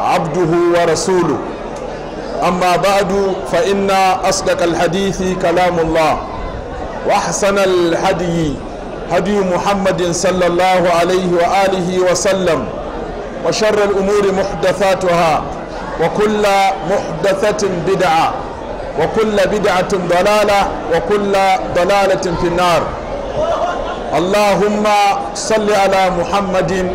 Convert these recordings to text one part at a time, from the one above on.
عبده ورسوله أما بعد فإن أصدق الحديث كلام الله وأحسن الهدي هدي محمد صلى الله عليه وآله وسلم وشر الأمور محدثاتها وكل محدثة بدعة وكل بدعة ضلالة وكل ضلالة في النار اللهم صل على محمد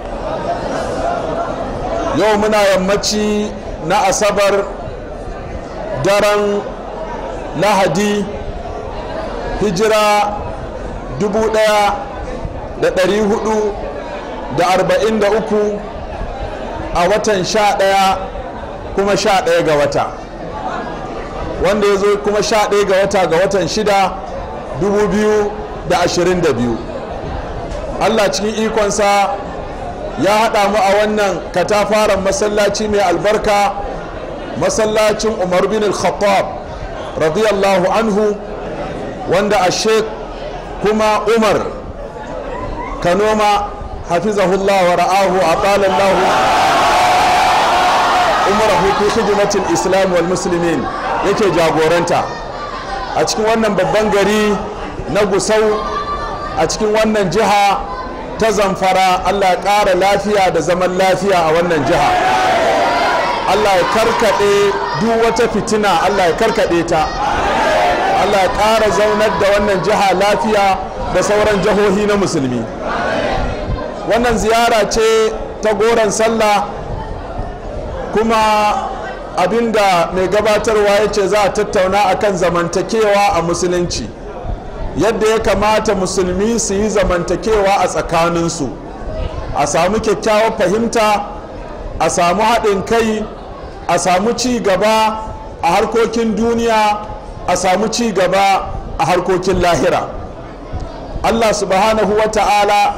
yau muna yammaci na asabar daren lahadi hijira 1443 a watan 11 kuma 11 ga wata wanda ya zo kuma 11 ga wata ga watan 6 2022 allah cikin ikonsa ya haɗa mu a wannan katafaren masallaci mai albarka masallacin umar bin al-khattab radiyallahu anhu wanda a kuma umar kanoma hafizahullah wa ra'ahu a ƙalallahu umar fi hidimatin islam wal musulmin yake jagoranta a cikin wannan babban gari na gusau a cikin wannan jiha ta zamfara allah ya ƙara lafiya da zaman lafiya a wannan jiha allah ya karkaɗe duk wata fitina allah ya karkaɗe ta allah ya ƙara zaunar da wannan jiha lafiya da sauran jihohi na musulmi wannan ziyara ce ta goron sallah kuma abinda mai gabatarwa ya ce za a tattauna akan zamantakewa a musulunci yadda ya kamata musulmi su yi zamantakewa a tsakaninsu a samu kyakkyawar fahimta a samu haɗin kai a samu ci gaba a harkokin duniya a samu ci gaba a harkokin lahira allah subhanahu wa ta'ala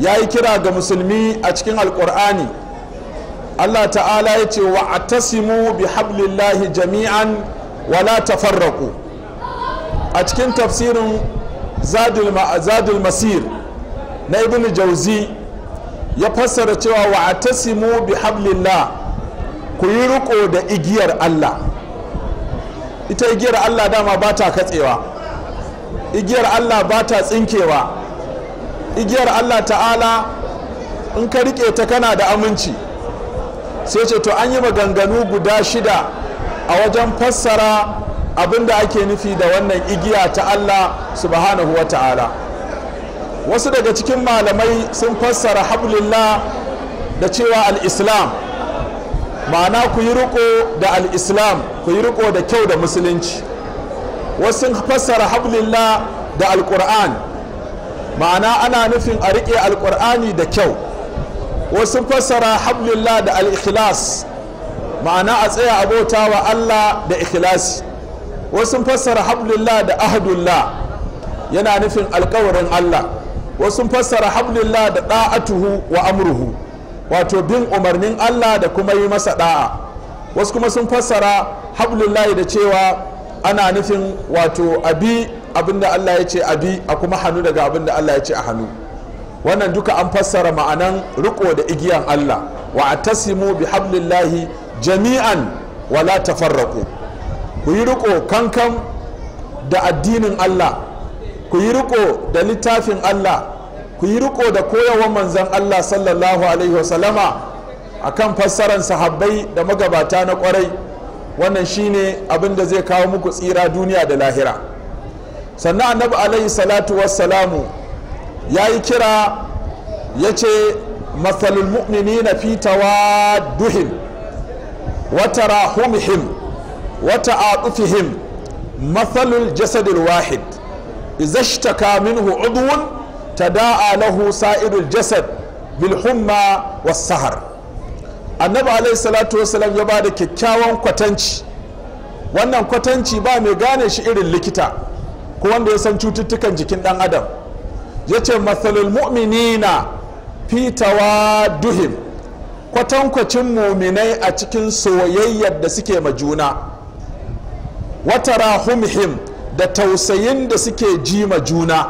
ya yi kira ga musulmi a cikin alkur'ani allah ta'ala ya ce wa a tasimu bi hablillahi jami'an wala tafarraku a cikin tafsirin zadul masir na ibn jauzi ya fassara cewa wa tasimu bi hablillah ku yi riko da igiyar Allah ita igiyar Allah dama ba ta katsewa igiyar Allah ba ta tsinkewa igiyar Allah ta'ala in ka rike ta kana da aminci sai ce to an yi maganganu guda shida a wajen fassara Abin da ake nufi da wannan igiya ta Allah subhanahu wa ta'ala wasu daga cikin malamai sun fassara hablillah da cewa al-islam ma'ana ku yi riko da al-islam ku yi riko da kyau da musulunci wasu sun fassara hablillah da al-qur'an ma'ana ana nufin a riƙe al-qur'ani da kyau wasu fassara hablillah da al-ikhlas ma'ana a tsaya abota wa Allah da ikhlasi wasu fassara hablillah da ahadullah yana nufin alkawarin Allah wasu fassara hablillah da da'atuhu wa amruhu wato bin umarnin Allah da kuma yi masa da'a wasu kuma sun fassara hablillah da cewa ana nufin wato abi abinda Allah ya ce abi a kuma hannu daga abinda Allah ya ce a hannu wannan duka an fassara ma'anan riko da igiyan Allah wa atasimu bi hablillahi jami'an wala tafarraqu ku yi riko kankan da addinin Allah ku yi riko da littafin Allah ku yi riko da koyawan manzan Allah sallallahu alaihi wasallama kan fassarar sahabbai da magabata na kwarai wannan shine abin da zai kawo muku tsira duniya da lahira sannan annabi alaihi salatu wassalamu ya yi kira ya ce matsalul mu'minina fi tawadduhim wa tarahumihim wata atufihim mathalul jasadil wahid idza ishtaka minhu udwun da'a lahu sa'idul jasad bil humma was sahar annabi alaihi salatu wasalam ya ba da kyakkyawan kwatanci wannan kwatanci ba mai gane shi irin likita ko wanda ya san cututtukan jikin dan adam ya ce mumini mu'minina fi duhim. kwatankwacin muminai a cikin soyayyar da suke ma juna wata humhim da tausayin da suke jima juna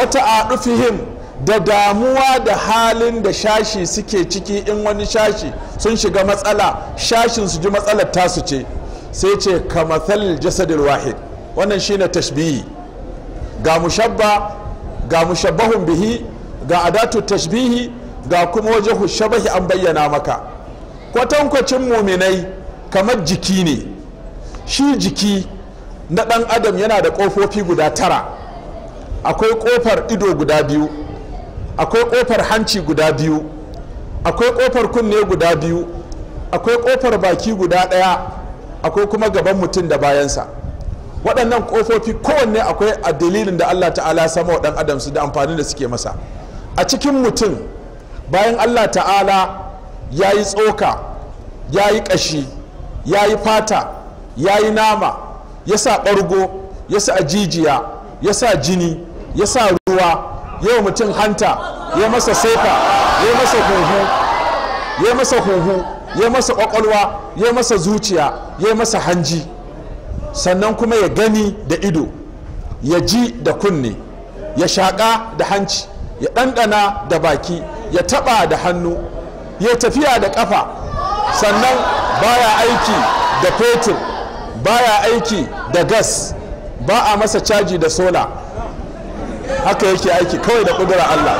wata adu-fihim da damuwa da halin da shashi suke ciki in wani shashi sun shiga matsala shashin su ji matsalar tasu ce sai ce kamathal jasadil wahid wannan shine tashbihi ga mushabba ga mushabbahun bihi ga adatu tashbihi ga kuma waje shabahi an bayyana maka kwatankwacin muminai kamar jiki ne shi jiki na ɗan adam yana da ƙofofi guda tara akwai ƙofar ido guda biyu akwai ƙofar hanci guda biyu akwai ƙofar kunne guda biyu akwai ƙofar baki guda ɗaya akwai kuma gaban mutum da bayansa waɗannan ƙofofi kowanne akwai a dalilin da allah ta'ala sama wa ɗan adam su da amfani da suke masa a cikin mutum bayan allah ta'ala ya yi tsoka ya yi ƙashi ya yi fata ya yi nama ya sa ɓargo ya sa jijiya ya sa jini ya sa ruwa yau mutum hanta ya masa sefa ya masa huhu ya masa huhu ya masa ƙwaƙwalwa ya masa zuciya ya masa hanji sannan kuma ya gani da ido ya ji da kunne ya shaƙa da hanci ya ɗanɗana da baki ya taɓa da hannu ya tafiya da ƙafa sannan baya aiki da fetur baya aiki da gas ba a masa caji da sola haka yake aiki kawai da kudura Allah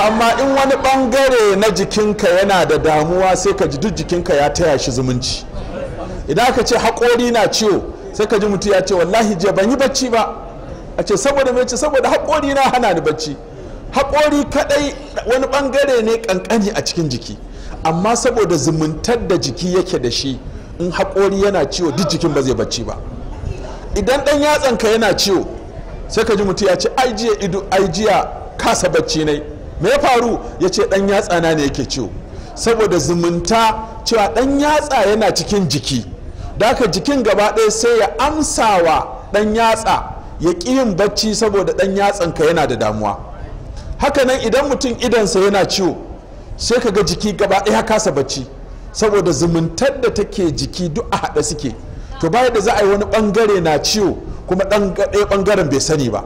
amma in wani bangare na jikinka yana da damuwa sai ka ji duk jikinka ya taya shi zumunci idan aka ce haƙori na ciwo sai ka ji mutum ya ce wallahi je ban yi bacci ba a ce saboda mai ce saboda haƙori na hana ni bacci haƙori kaɗai wani bangare ne ƙanƙani a cikin jiki amma saboda zumuntar da jiki yake da shi in haƙori yana ciwo duk jikin ba zai bacci ba idan ɗan yatsanka yana ciwo sai ka ji mutum ya ce aijiya ido aijiya kasa bacci ne me ya faru ya ce ɗan yatsana ne yake ciwo saboda zumunta cewa ɗan yatsa yana cikin jiki da haka jikin gaba ɗaya sai ya amsa wa ɗan yatsa ya ƙi yin bacci saboda ɗan yatsanka yana da damuwa hakanan idan mutum idansa yana ciwo sai ka ga jiki gaba ɗaya kasa bacci saboda zumuntar da take jiki duk a haɗe suke to baya da za a yi wani ɓangare na ciwo kuma ɗaya ɓangaren bai sani ba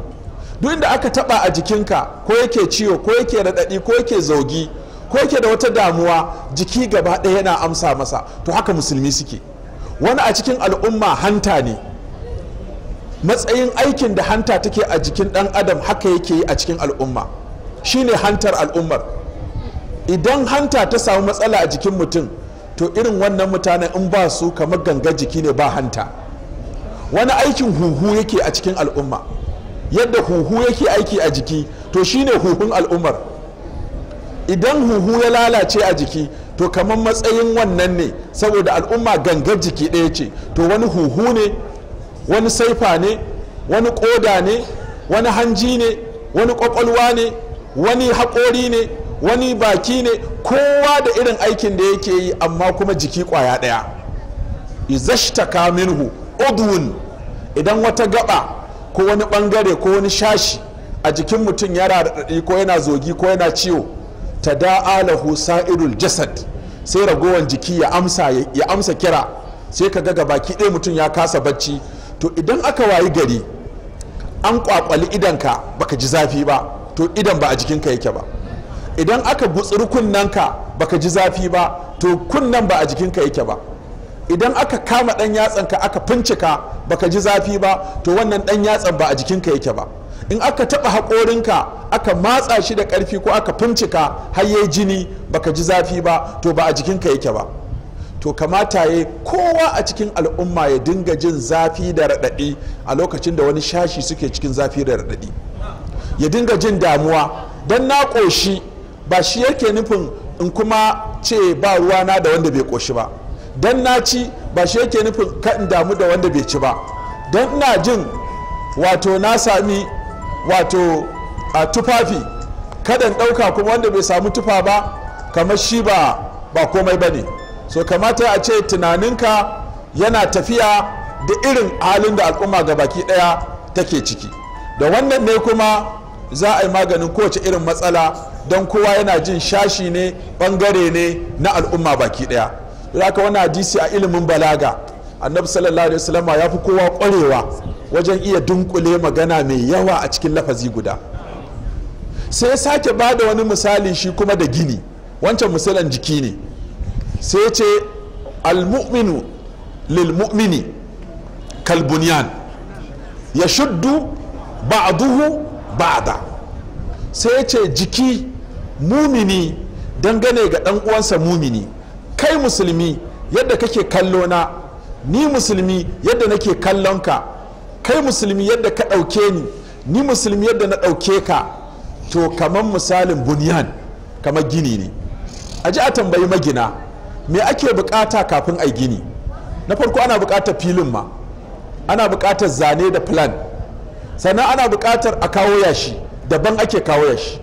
duk inda aka taɓa a jikinka ko yake ciwo ko yake raɗaɗi ko yake zaugi ko yake da wata damuwa jiki gaba ɗaya yana amsa masa to haka musulmi suke wani a cikin al'umma hanta ne matsayin aikin da hanta take a jikin ɗan adam haka yake yi a cikin al'umma shine hantar al'ummar idan hanta ta samu matsala a jikin mutum to irin wannan mutanen in ba su kamar ganga jiki ne ba hanta wani aikin huhu yake a cikin al'umma yadda huhu yake aiki a jiki to shine huhun al'ummar idan huhu ya lalace a jiki to kamar matsayin wannan ne saboda al'umma gangar jiki ɗaya ce to wani huhu ne wani saifa ne wani ƙoda ne wani hanji ne wani ƙwaƙwalwa ne wani haƙori ne wani baki ne kowa da irin aikin da yake yi amma kuma jiki kwaya ɗaya izashtaka minhu udwun idan wata gaba ko wani bangare ko wani shashi a jikin mutum yana raɗaɗi ko yana zogi ko yana ciwo ta da'alahu sa'irul jasad sai ragowar jiki ya amsa ya amsa kira sai ka ga baki ɗaya mutum ya kasa bacci to idan aka wayi gari an kwakwali idanka baka ji zafi ba to idan ba a jikinka yake ba idan aka gutsuri ka baka ji zafi ba to kunnen ba a jikinka yake ba idan aka kama ɗan ka aka fincika baka ji zafi ba to wannan ɗan yatsan ba a jikinka yake ba in aka taɓa haƙorinka aka matsa shi da ƙarfi ko aka fincika har yayi jini baka ji zafi ba to ba a jikinka yake ba to kamata ya kowa a cikin al'umma ya dinga jin zafi da raɗaɗi a lokacin da wani shashi suke cikin zafi da raɗaɗi ya dinga jin damuwa don na ƙoshi ba shi yake nufin in kuma ce ba ruwana da wanda bai koshi ba don na ci ba shi yake nufin ka in damu da wanda bai ci ba don ina jin wato na sami wato a tufafi kada in ɗauka kuma wanda bai samu tufa ba kamar shi ba ba komai ba ne so kamata a ce tunaninka yana tafiya da irin halin da al'umma ga baki ɗaya take ciki da wannan ne kuma za a yi maganin kowace irin matsala don kowa yana jin shashi ne bangare ne na al'umma baki daya haka wani hadisi a ilimin balaga annabi sallallahu alaihi wasallam ya fi kowa kwarewa wajen iya dunkule magana mai yawa a cikin lafazi guda sai ya sake ba da wani misali shi kuma da gini wancan misalin jiki ne sai ce almu'minu lilmu'mini kalbunyan ya shuddu ba'duhu ba'da sai ce jiki mumini dangane ga ɗan uwansa mumini kai musulmi yadda kake kallo na ni musulmi yadda nake kallon ka kai musulmi yadda ka ɗauke ni ni musulmi yadda na ɗauke ka to kamar misalin bunyan kamar gini ne a ji a tambayi magina me ake bukata kafin a gini na farko ana bukatar filin ma ana bukatar zane da plan sannan ana bukatar a kawo yashi daban ake kawo yashi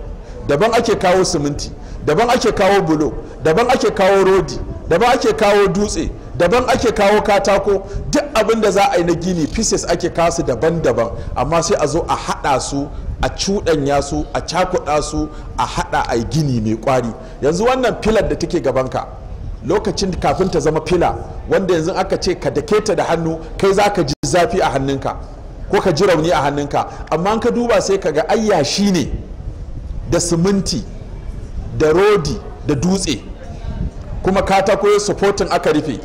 daban ake kawo siminti daban ake kawo bulo daban ake kawo rodi daban ake kawo dutse daban ake kawo katako duk abin da za a yi na gini pieces ake kasu daban-daban amma sai a zo a haɗa su a cuɗanya su a cakuɗa su a haɗa a yi gini mai ƙwari yanzu wannan filar da take gabanka lokacin kafin ta zama fila wanda yanzu aka ce ka dake ta da hannu kai za ka ji zafi a hannunka ko ka ji rauni a hannunka amma ka duba sai ka ga ayyashi ne da siminti da rodi da dutse kuma katako supportin aka rufe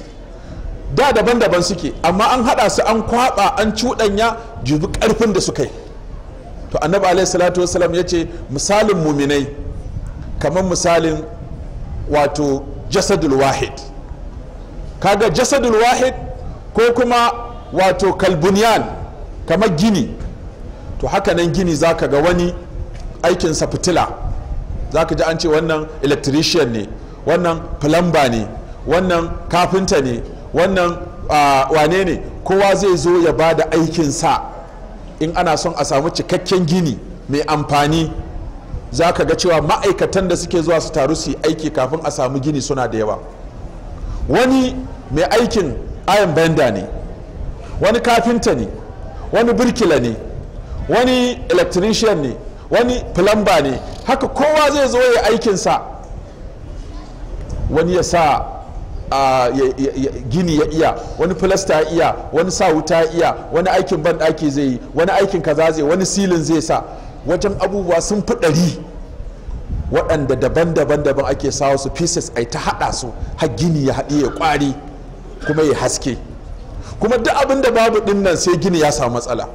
da daban-daban suke amma an hada su an kwaba an cuɗanya jubi karfin da suka yi to annabi alaihi salatu wasalam ya ce misalin muminai kamar misalin wato jasadul wahid kaga jasadul wahid ko kuma wato kalbuniyan kamar gini to haka nan gini za ka ga wani aikinsa fitila za ka ji an ce wannan electrician ne wannan plumber ne wannan kafinta ne wannan wane ne kowa zai zo ya ba da aikinsa in ana son a samu cikakken gini mai amfani za ka ga cewa ma'aikatan da suke zuwa su taru su aiki kafin a samu gini suna da yawa wani mai aikin ayan benda ne wani kafinta ne wani birkila ne wani electrician ne wani filamba ne haka kowa zai zo ya aikinsa wani ya sa gini ya iya wani filasta ya iya wani sa wuta ya iya wani aikin banɗaki zai yi wani aikin kaza zai wani silin zai sa wajen abubuwa sun fi ɗari waɗanda daban-daban daban ake sawa su pieces ai ta haɗa su har gini ya haɗi ya kwari kuma ya haske kuma duk abin da babu ɗin sai gini ya samu matsala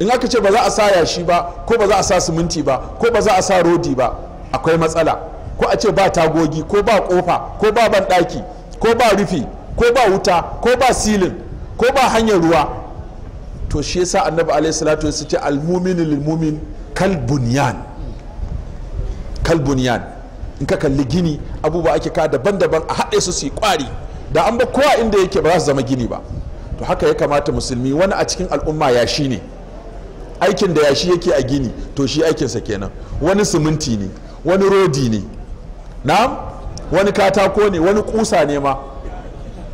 in aka ce ba za a sa yashi ba ko ba za a sa siminti ba ko ba za a sa rodi ba akwai matsala ko a ce ba tagogi ko ba kofa ko ba banɗaki ko ba rufi ko ba wuta ko ba silin ko ba hanyar ruwa to shi yasa annabi alaihi salatu wasu ce almumin lilmumin kal bunyan in ka kalli gini abubuwa ake ka daban-daban a haɗe su su kwari da an ba kowa inda yake ba za su zama gini ba to haka ya kamata musulmi wani a cikin al'umma ya shi ne aikin da yashi yake a gini to shi aikinsa kenan wani siminti ne wani rodi ne na wani katako ne wani kusa ne ma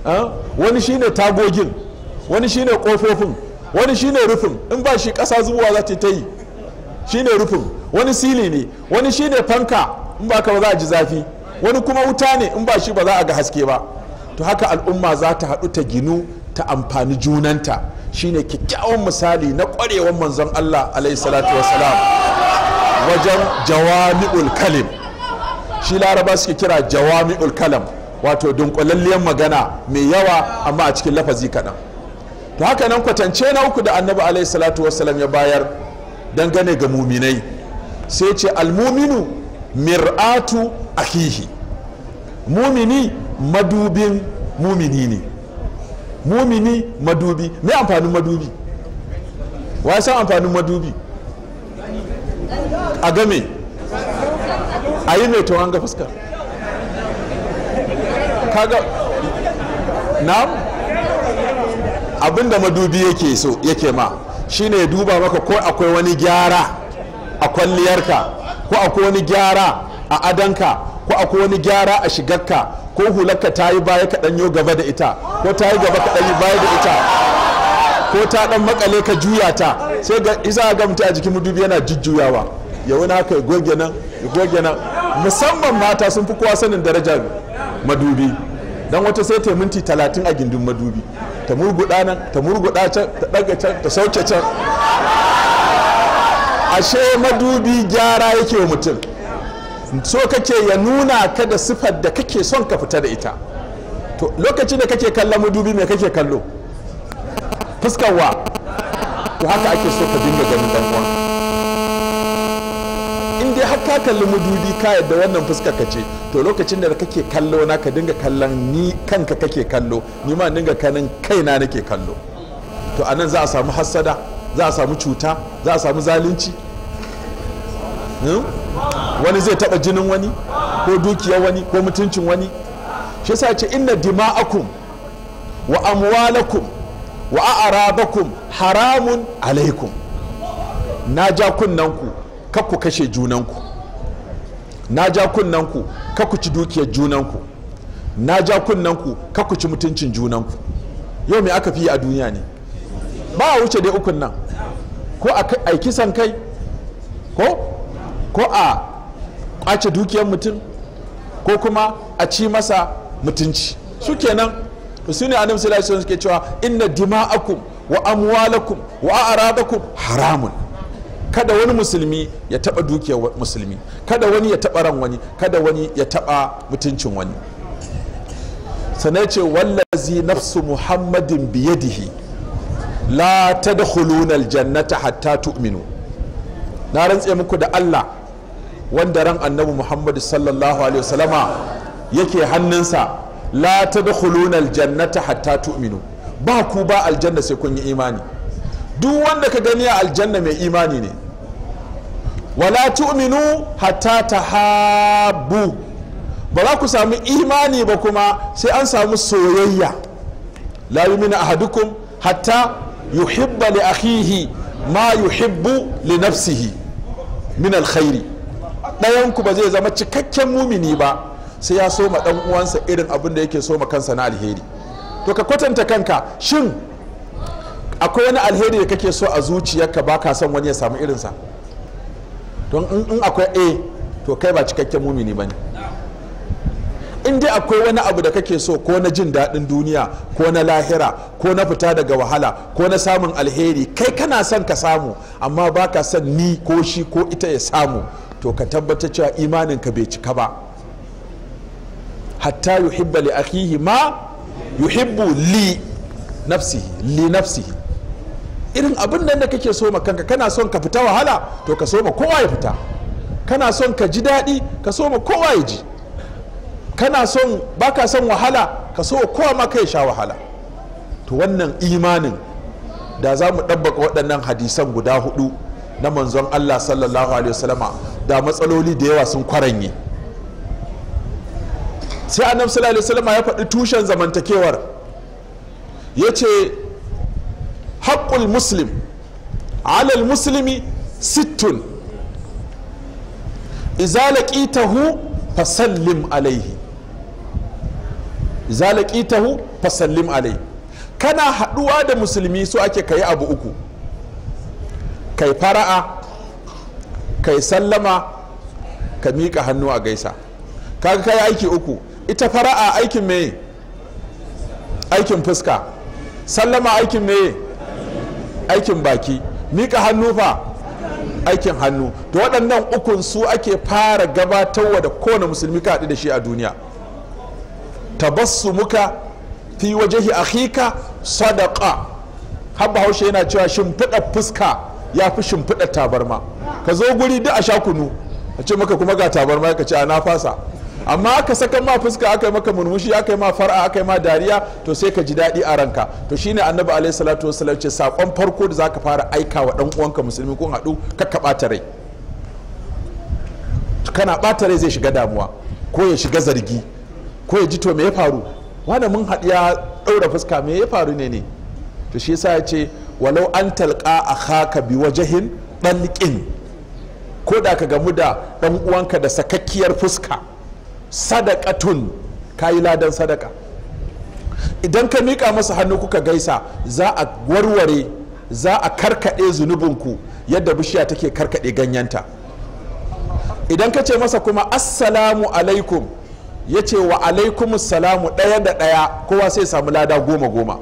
eh? wani shine tagogin wani shine kofofin wani shine rufin in ba shi kasa zubowa za ta yi shine rufin wani sili ne wani shine fanka in ba ka ba za a ji zafi wani kuma wuta ne in ba shi ba za a ga haske ba to haka al'umma za ta haɗu ta ginu ta amfani junanta shine kyakkyawan misali na ƙwarewan manzon Allah alaihi salatu wasalam wajen jawami'ul kalim shi laraba suke kira jawami'ul kalam wato dunkulalliyar magana mai yawa amma a cikin lafazi kaɗan to haka nan kwatance na uku da annabi alaihi salatu wasalam ya bayar dangane ga muminai sai ce almuminu mir'atu ahihi. mumini madubin mumini ne mumini madubi mai amfanin madubi wa san amfanin madubi a game a yi mai tawon ga fuskar kaga na abinda madubi yake so yake ma shine ya duba maka ko akwai wani gyara a kwalliyarka ko akwai wani gyara a adanka ko akwai wani gyara a shigarka ko hularka ta yi baya ka ɗanyo gaba da ita ko ta yi gaba ka ɗanyi baya da ita ko ta ɗan makale ka juya ta sai ga isa ga mutu a jikin mudubi yana jujjuyawa ya wani haka goge nan goge nan musamman mata sun fi kowa sanin daraja madubi dan wata sai ta minti talatin a gindin madubi ta murguɗa nan ta murguɗa can ta ɗaga can ta sauke can ashe madubi gyara yake wa mutum so kake ya nuna ka da sifar da kake son ka fita da ita to lokacin da kake kallon mudubi me kake kallo fuskarwa to haka ake so ka dinga ganin dan uwa in dai har ka kalli mudubi ka yadda wannan fuskar ka ce to lokacin da kake kallo na ka dinga kallon ni kanka kake kallo ni ma dinga kanin kaina nake kallo to anan za a samu hassada za a samu cuta za a samu zalunci hmm? wani zai taba jinin wani ko dukiyar wani ko mutuncin wani shi sa ce inna dima'akum wa amwalakum wa a'radakum haramun alaikum na ja kunnanku ku kashe junanku na ja kunnanku ku ci dukiyar junanku na ja kunnanku ku ci mutuncin junanku yau me aka fi a duniya ne ba a wuce dai ukun nan ko a kisan kai ko ko a kwace dukiyar mutum ko kuma a ci masa mutunci su kenan su ne annabi sallallahu alaihi suke cewa inna dima'akum wa amwalakum wa aradakum haramun kada wani musulmi ya taba dukiyar musulmi kada wani ya taba ran wani kada wani ya taba mutuncin wani sanai ce wallazi nafsu muhammadin biyadihi la tadkhuluna aljannata hatta tu'minu na rantse muku da Allah wanda ran annabi muhammadu sallallahu alaihi wasallama yake hannunsa la tadkhuluna aljannata hatta tu'minu ba ku ba aljanna sai kun yi imani duk wanda ka gani a aljanna mai imani ne wala tu'minu hatta tahabbu ba za ku sami imani ba kuma sai an samu soyayya la yumina ahadukum hatta yuhibba li akhihi ma yuhibbu li nafsihi min alkhairi ɗayanku ba zai zama cikakken mumini ba sai ya soma ɗan uwansa irin abin da yake soma kansa na alheri to ka kwatanta kanka shin akwai wani alheri da kake so a zuciyarka ba ka son wani ya samu irinsa don in akwai a to kai ba cikakken mumini ba ne in dai akwai wani abu da kake so ko na jin daɗin duniya ko na lahira ko na fita daga wahala ko na samun alheri kai kana son ka samu amma baka son ni ko shi ko ita ya samu to ka tabbata cewa ka bai cika ba hatta yuhibba li akhihi ma yuhibbu li nafsi li nafsi irin abin nan da kake so kanka kana son ka fita wahala to ka so ma kowa ya fita kana son ka ji daɗi ka so ma kowa ya ji kana son baka son wahala ka so kowa ma kai sha wahala to wannan imanin da za mu ɗabbaka waɗannan hadisan guda hudu na manzon Allah sallallahu alaihi wasallama da matsaloli da yawa sun kwaranye sai annabi sallallahu alaihi wasallama ya faɗi tushen zamantakewar ya ce haƙƙul muslim alal muslimi sittun iza laqitahu fasallim alaihi iza laqitahu fasallim alaihi kana haɗuwa da musulmi so ake kayi abu uku kai fara'a kai sallama ka miƙa hannu a gaisa kaga kai aiki uku ita fara'a aikin me aikin fuska sallama aikin me aikin baki miƙa hannu fa aikin hannu to waɗannan ukun su ake fara gabatarwa da kowane musulmi ka haɗu da shi a duniya tabassu muka fi wajehi akhika sadaqa habba haushe yana cewa shimfiɗa fuska ya fi shimfiɗa tabarma ka zo guri duk a sha kunu a ce maka kuma ga tabarma ka ce a na fasa amma aka saka ma fuska aka yi maka murmushi aka yi ma far'a aka yi ma dariya to sai ka ji daɗi a ranka to shine annabi alaihi salatu wasallam ce sakon farko da zaka fara aika wa dan uwanka musulmi kun haɗu kaka ɓata rai kana ɓata rai zai shiga damuwa ko ya shiga zargi ko ya ji to me ya faru wanda mun haɗu ya ɗaura fuska me ya faru ne ne to shi yasa ya ce walau an talƙa a haka bi wajhin dalqin ko da ka gamu da ɗan uwanka da sakakkiyar fuska ka kayi ladan sadaka idan ka mika masa hannu kuka gaisa za a warware za a karkade zunubinku yadda bishiya take karkaɗe ganyenta idan ka ce masa kuma assalamu alaikum ya ce wa alaikumus salamu ɗaya da ɗaya kowa sai samu lada goma goma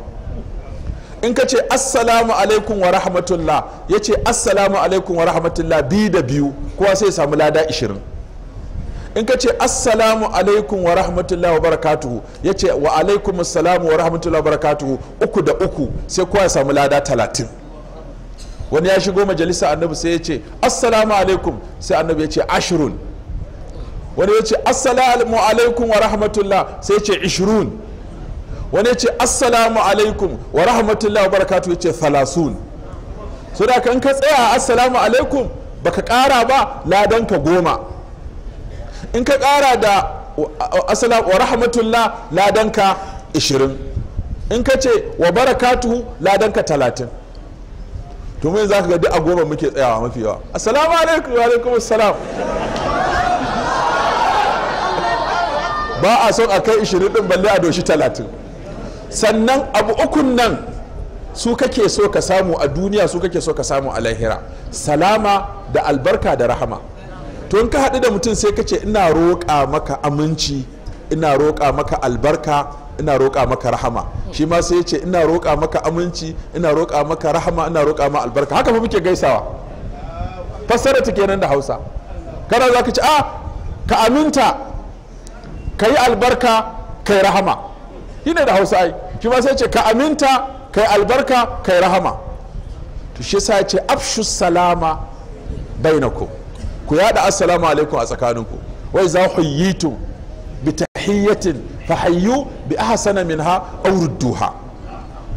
in ka ce assalamu alaikum wa rahmatullah ya ce assalamu alaikum wa rahmatullah biyu da biyu kowa sai samu lada ishirin in ka ce assalamu alaikum wa rahmatullah wa barakatuhu ya ce wa alaikum assalamu wa rahmatullah wa barakatuhu uku da uku sai kowa ya samu lada talatin wani ya shigo majalisa annabi sai ya ce assalamu alaikum sai annabi ya ce ashirun wani ya ce assalamu alaikum wa rahmatullah sai ya ce ishirun wani ya ce assalamu alaikum wa rahmatullahi wa barakatu ya ce thalasun so da kan ka tsaya assalamu alaikum baka kara ba ladan ka goma in ka kara da assalamu wa rahmatullah ladan ka ishirin in ka ce wa barakatuhu ladan ka talatin to mun za ka ga duk a goma muke tsayawa mafi yawa assalamu alaikum wa alaikum assalam ba a son a kai ishirin din balle a doshi talatin sannan abu ukun nan su kake so ka samu a duniya su kake so ka samu a lahira salama da albarka da rahama to in ka haɗu da mutum sai ka ce ina roƙa maka aminci ina roƙa maka albarka ina roƙa maka rahama shi ma sai ya ce ina roƙa maka aminci ina roƙa maka rahama ina roƙa ma albarka haka fa muke gaisawa fassara ta kenan da hausa kana za ka ce a ah, ka aminta ka yi albarka ka yi rahama ne da hausa ai shi ma sai ce ka aminta kai albarka kai rahama to shi sa ce afshu salama bainakum ku yada assalamu alaikum a tsakaninku wai za ku yi tu bi tahiyyatin fa hayyu bi ahsana minha aw rudduha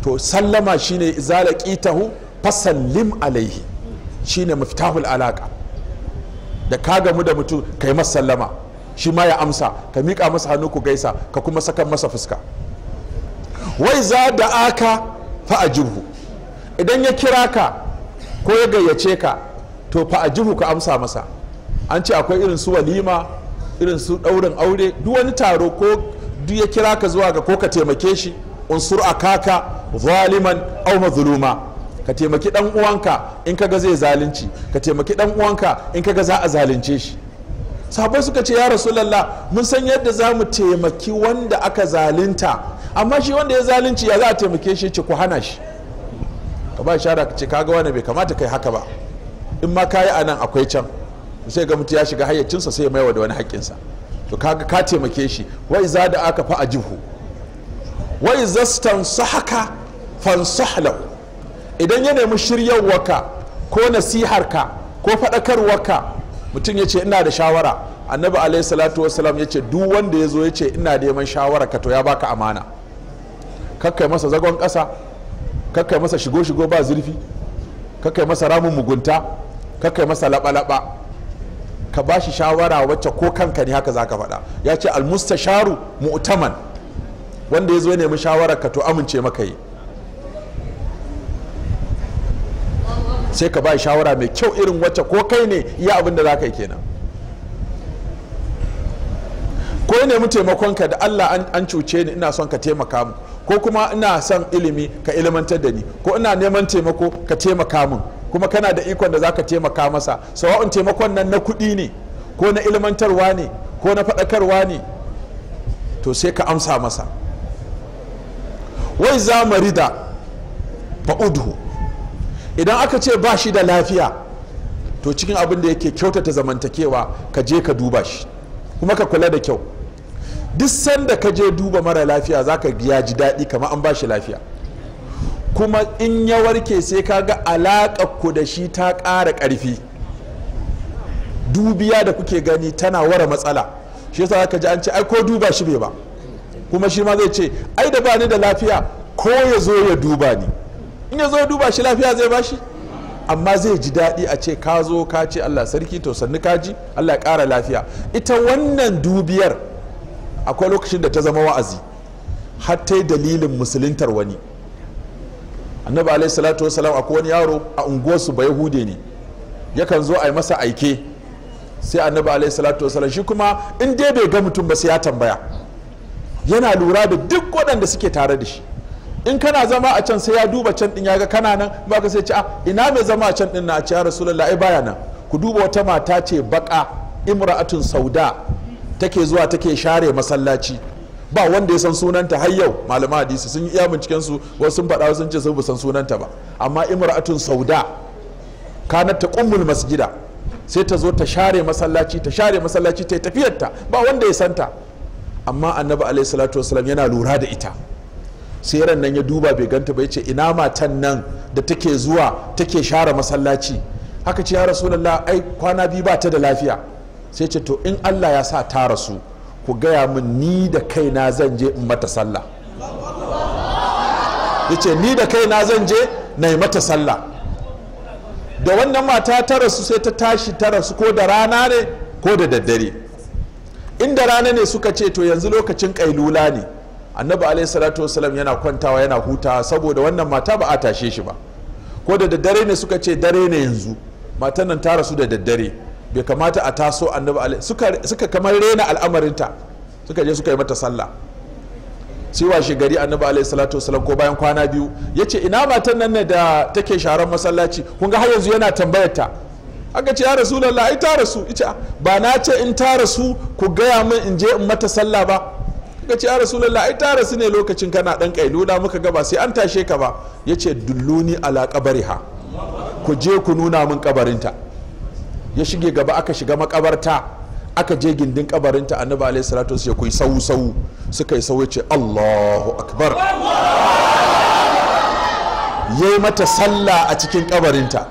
to sallama shine izala qitahu fasallim alaihi shine miftahul alaka da ka gamu da mutum kai masallama sallama shi ma ya amsa ka miƙa masa hannu ku gaisa ka kuma saka masa fuska wai za da aka fa'ajibu idan ya kira ka ko ya gayyace ka to fa'ajibu ka amsa masa an ce akwai irin su walima irin su ɗaurin aure duk wani taro ko duk ya kira ka zuwa ga ko ka taimake shi unsur kaka zaliman au mazuluma ka taimaki dan uwanka in kaga zai zalunci ka taimaki dan uwanka in kaga za a zalunce shi sabai suka ce ya rasulallah mun san yadda za mu taimaki wanda aka zalunta amma shi wanda ya zalunci ya za a taimake shi ci ku hana shi ka ba shara ka ce kaga wani bai kamata kai haka ba in ma kayi a nan akwai can sai ga mutu ya shiga hayyacinsa sai ya maiwa da wani haƙƙinsa to kaga ka taimake shi wai za da aka fa a jihu wai zastan su haka sahlau idan ya nemi waka ko nasiharka ko faɗakarwarka mutum ya ce ina da shawara annabi alaihi salatu wasalam ya ce duk wanda ya zo ya ce ina da yaman shawara ka to ya baka amana kakkai masa zagon ƙasa kakkai masa shigo-shigo ba zurfi kakkai masa ramin mugunta kakkai masa laɓa-laɓa ka ba shi shawara wacce ko kanka ne haka za ka faɗa ya ce almustasharu mu'taman wanda ya zo nemi shawarar ka to amince maka yi sai ka ba shawara mai kyau irin wacce ko kai ne iya abin da za ka yi kenan ko ya nemi taimakonka da allah an cuce ni ina son ka taimaka mu ko kuma ina son ilimi ka ilimantar da ni ko ina neman taimako ka taimaka min kuma kana da ikon da zaka taimaka masa sawa'un taimakon nan na kuɗi ne ko na ilimantarwa ne ko na faɗakarwa ne to sai ka amsa masa wai za marida fa'udhu idan aka ce ba shi da lafiya to cikin abin da yake kyautata zamantakewa ka je ka duba shi kuma ka kula da kyau duk sanda ka je duba mara lafiya zaka biya ji daɗi kamar an bashi lafiya kuma in ya warke sai ka ga alaƙar ku da shi ta ƙara ƙarfi dubiya da kuke gani tana wara matsala shi yasa ka ji an ce ai ko duba shi bai ba kuma shi ma zai ce ai da bani da lafiya ko ya zo ya duba ni in ya zo duba shi lafiya zai bashi amma zai ji daɗi a ce ka zo ka ce Allah sarki to sannu ka ji Allah ƙara lafiya ita wannan dubiyar akwai lokacin da ta zama wa'azi har ta yi dalilin musuluntar wani annabi alaihi salatu wasalam akwai wani yaro a unguwarsu ba yahude ne yakan zo a yi masa aike sai annabi alaihi salatu wasalam shi kuma in dai bai ga mutum ba sai ya tambaya yana lura da duk waɗanda suke tare da shi in kana zama a can sai ya duba can din ya ga kana nan ba ka sai ci a ah, ina mai zama a can din na a ci ya rasulullahi baya nan ku duba wata mata ce baka imra'atun sauda take zuwa take share masallaci ba wanda ya san sunanta har yau malaman hadisi sun yi iya binciken su wasu sun faɗa sun ce sun bu san sunanta ba amma imra'atun sauda kanat taqummul masjida sai ta zo ta share masallaci ta share masallaci ta tafiyar ta ba wanda ya san ta amma annabi alaihi salatu wasallam yana lura da ita sai ran nan ya duba bai ganta ba yace ina matan nan da take zuwa take share masallaci haka ce ya rasulullah ai kwana biyu ba ta da lafiya sai ce to in allah ya sa ta rasu ku gaya min ni da kaina zan je in mata sallah ya ce ni da kaina zan je na yi mata sallah da wannan mata ta rasu sai ta tashi ta rasu ko da rana ne ko da daddare inda rana ne suka ce to yanzu lokacin kailula ne annabi alaihi salatu yana kwantawa yana hutawa saboda wannan mata ba a tashe shi ba ko da daddare ne suka ce dare ne yanzu matan nan ta rasu da daddare bai kamata a taso annabi suka suka kamar rena al'amarinta suka je suka yi mata sallah sai washe gari annabi alaihi salatu wasallam ko bayan kwana biyu yace ina matan nan ne da take sharan masallaci kun ga har yanzu yana tambayar ta aka ce ya rasulullah ai ta rasu ita ah, ba na ce in ta rasu ku gaya min in je in mata sallah ba aka ce ya rasulullah ai ta rasu ne lokacin kana dan kailula muka ga ba sai an tashe ka ba yace dulluni ala kabariha ku je ku nuna min kabarinta ya shige gaba aka shiga makabarta aka je gindin kabarinta annabi alaihi salatu ya kai sau sau suka yi sau ce Allahu akbar yayi mata sallah a cikin kabarinta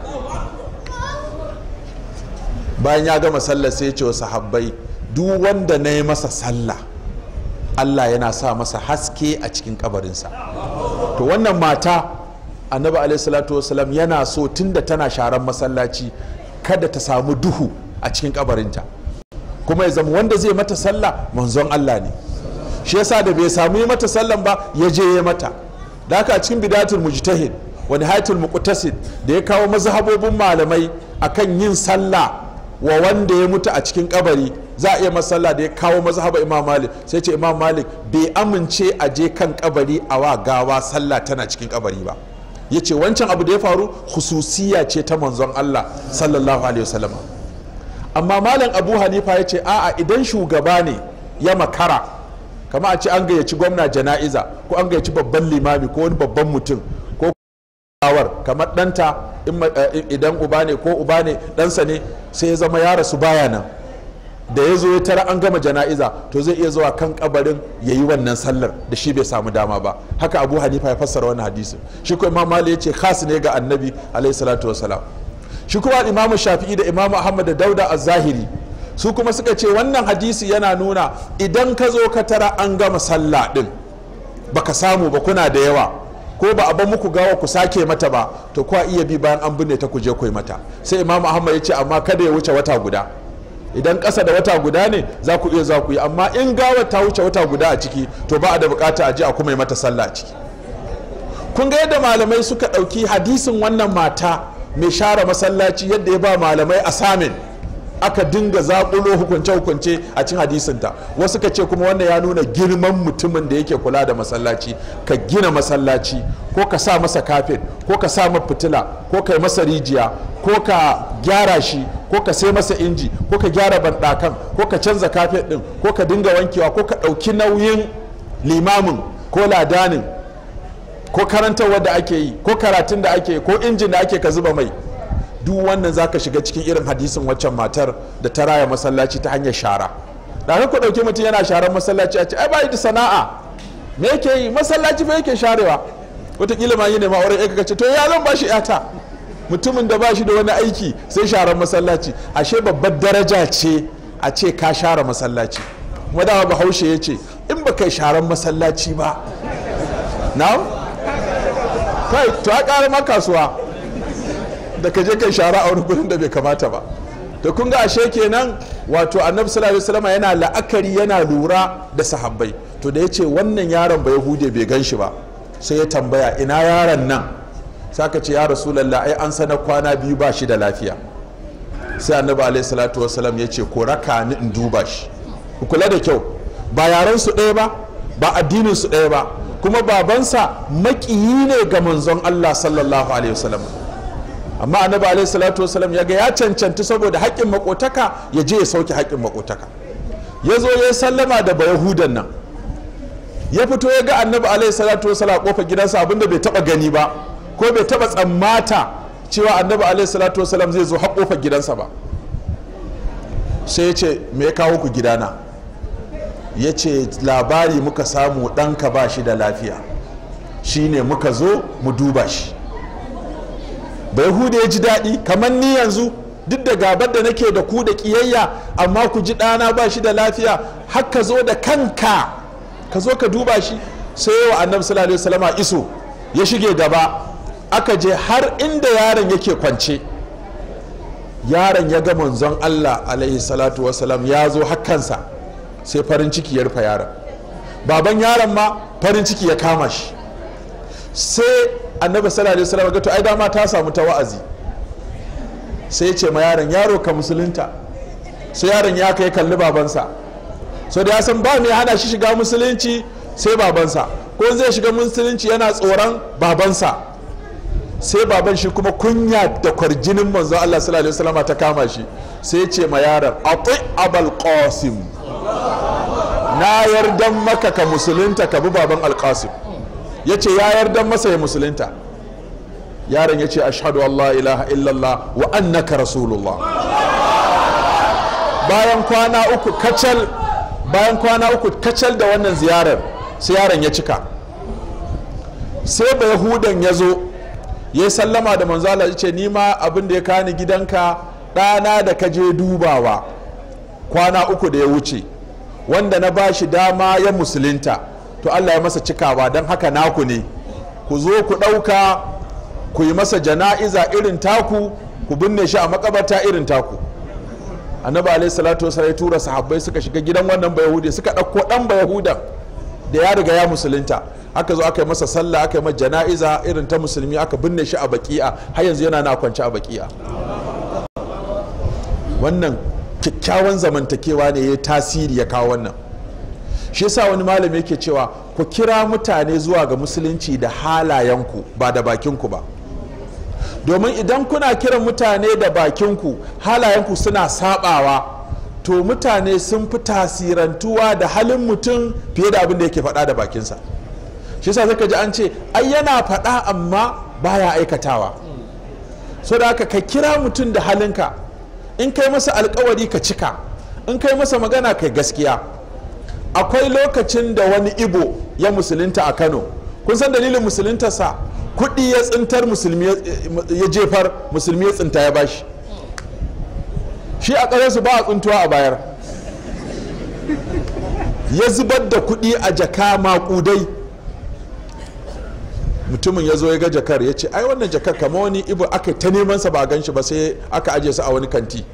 bayan ya gama sallah sai ce wa sahabbai duk wanda na yi masa sallah Allah yana sa masa haske a cikin kabarinsa to wannan mata annabi alaihi salatu yana so tunda tana sharan masallaci kada ta samu duhu a cikin kabarinta kuma ya zama wanda zai mata sallah manzon Allah ne shi yasa da bai samu yi mata sallan ba ya je ya mata da haka cikin bidatul mujtahid wani haitul muqtasid da ya kawo mazhabobin malamai akan yin sallah wa wanda ya mutu a cikin kabari za a iya masalla da ya kawo mazhaba imam malik sai ce imam malik bai amince a je kan kabari a wa gawa sallah tana cikin kabari ba ya ce wancan abu da ya faru hususiya ce ta manzon Allah sallallahu alaihi wasallam amma malam abu hanifa ya ce a'a idan shugaba ne ya makara kama a ce an gayyaci gwamna jana'iza ko an gayyaci babban limami ko wani babban mutum ko kawar kamar ɗanta eh, idan uba ne ko uba ne ɗansa ne sai ya zama ya rasu baya nan da ya zo ya tara an gama jana'iza to zai iya zuwa kan kabarin ya yi wannan sallar da shi bai samu dama ba haka abu hanifa ya fassara wannan hadisin shi kuma imam mali ya ce khas ne ga annabi alaihi salatu wasalam shi kuma imam shafi'i da imam ahmad da dauda az-zahiri su kuma suka ce wannan hadisi yana nuna idan ka zo ka tara an gama sallah din baka samu ba kuna da yawa ko ba a ba muku gawa ku sake mata ba to kwa iya bi bayan an binne ta ku je ku mata sai imam ahmad ya ce amma kada ya wuce wata guda idan ƙasa da wata guda ne za ku iya za ku yi amma in gawar ta wuce wata guda a ciki to ba a da bukata a ji a kuma yi mata sallah a ciki kun ga yadda malamai suka ɗauki hadisin wannan mata mai share masallaci yadda ya ba malamai asamin aka dinga zaƙulo hukunce-hukunce a cin hadisinta wasu ka ce kuma wannan ya nuna girman mutumin da yake kula da masallaci ka gina masallaci ko ka sa masa kafin ko ka sa masa fitila ko ka yi masa rijiya ko ka gyara shi ko ka sai masa inji ko ka gyara banɗakan ko ka canza kafin ɗin ko ka dinga wankewa ko ka ɗauki nauyin limamin ko ladanin ko karantarwar da ake yi ko karatun da ake yi ko injin da ake ka zuba mai duk wannan za ka shiga cikin irin hadisin waccan matar da ta raya masallaci ta hanyar shara da ku ɗauki mutum yana sharan masallaci a ce ai bai da sana'a me yake yi masallaci fa yake sharewa wataƙila ma yi ne ma auren ce to ya zan shi yata mutumin da ba shi da wani aiki sai sharan masallaci ashe babbar daraja ce a ce ka share masallaci kuma bahaushe ya ce in ba kai sharan masallaci ba na'am kai to a ƙara ma kasuwa da ka je kai shara a wani gurin da bai kamata ba to kun ga ashe kenan wato annabi sallallahu alaihi wasallam yana la'akari yana lura da sahabbai to da yace wannan yaron ba hude bai gan shi ba sai ya tambaya ina yaron nan saka ce ya rasulullah ai an sanar kwana biyu ba shi da lafiya sai annabi alaihi salatu wasallam ya ce ko raka ni in duba shi kula da kyau ba yaran su ɗaya ba ba addinin su ɗaya ba kuma babansa makiyi ne ga manzon Allah sallallahu alaihi wasallam amma annabi alaihi salatu wasalam ya ga ya cancanci saboda haƙƙin makotaka ya je ya sauke haƙƙin makotaka ya zo ya sallama da bayahudan nan ya fito ya ga annabi alaihi salatu wasalam kofa gidansa abinda bai taba gani ba ko bai taba tsammata cewa annabi alaihi salatu wasalam zai zo har kofa gidansa ba sai ya ce me ya kawo ku gidana ya ce labari muka samu ɗanka ba shi da lafiya shine muka zo mu duba shi bai yahuda ya ji daɗi kamar ni yanzu duk da gabar da nake da ku da kiyayya amma ku ji ɗana ba shi da lafiya har ka zo da kanka ka zo ka duba shi sai wa annabi sallallahu alaihi wasallama iso ya shige gaba aka je har inda yaron yake kwance yaron ya ga manzon Allah alaihi salatu wasallam ya zo hakkansa sai farin ciki ya rufe yaron baban yaron ma farin ciki ya kama shi sai annabi sallallahu alaihi wasallam ga ai dama ta samu ta wa'azi sai ce ma yaron yaro ka musulunta sai yaron ya kai kalli babansa so da ya san ba mai hana shi shiga musulunci sai babansa ko zai shiga musulunci yana tsoron babansa sai baban shi kuma kunya da kwarjinin manzo Allah sallallahu alaihi wasallam ta kama shi sai ce ma yaron ati abal qasim na yardan maka ka musulunta ka bi baban alqasim ya ce ya yarda masa ya musulunta yaron ya ce ashadu Allah ilaha illallah wa annaka rasulullah bayan kwana uku kacal bayan kwana uku kacal da wannan ziyarar sai yaron ya cika sai bai yahudan ya zo ya yi sallama da manzala ya ce nima abin da ya kani gidanka ɗana da ka je dubawa kwana uku da ya wuce wanda na ba shi dama ya musulunta to Allah ya masa cikawa don haka naku ne ku zo ku ɗauka ku yi masa jana'iza irin taku ku binne shi a makabarta irin taku annabi alaihi salatu wasallam ya tura sahabbai suka shiga gidan wannan bayahudi suka ɗauko ɗan bayahudan da ya riga ya musulunta aka zo aka yi masa sallah aka yi masa jana'iza irin ta musulmi aka binne shi a baki'a har yanzu yana na kwance a baki'a wannan kyakkyawan zamantakewa ne ya tasiri ya kawo wannan shi yasa wani malami yake cewa ku kira mutane zuwa ga musulunci da halayenku ba da bakinku ba domin idan kuna kiran mutane da bakinku halayenku suna sabawa to mutane sun fi tasirantuwa da halin mutum fiye da abin da yake faɗa da bakinsa shi yasa zaka ji an ce ai yana faɗa amma baya aikatawa so da haka ka kira mutum da halinka in kai masa alkawari ka cika in kai masa magana kai gaskiya akwai lokacin da wani ibo ya musulunta a kano kun san dalilin sa kuɗi ya tsintar musulmi eh, ya jefar musulmi ya tsinta ya bashi shi a su ba a tsintuwa a bayar ya zubar da kuɗi a jaka makudai mutumin ya zo ya ga jakar ya ce ai wannan jakar kama wani ibo aka ta neman sa ba gan shi ba sai aka aje su a wani kanti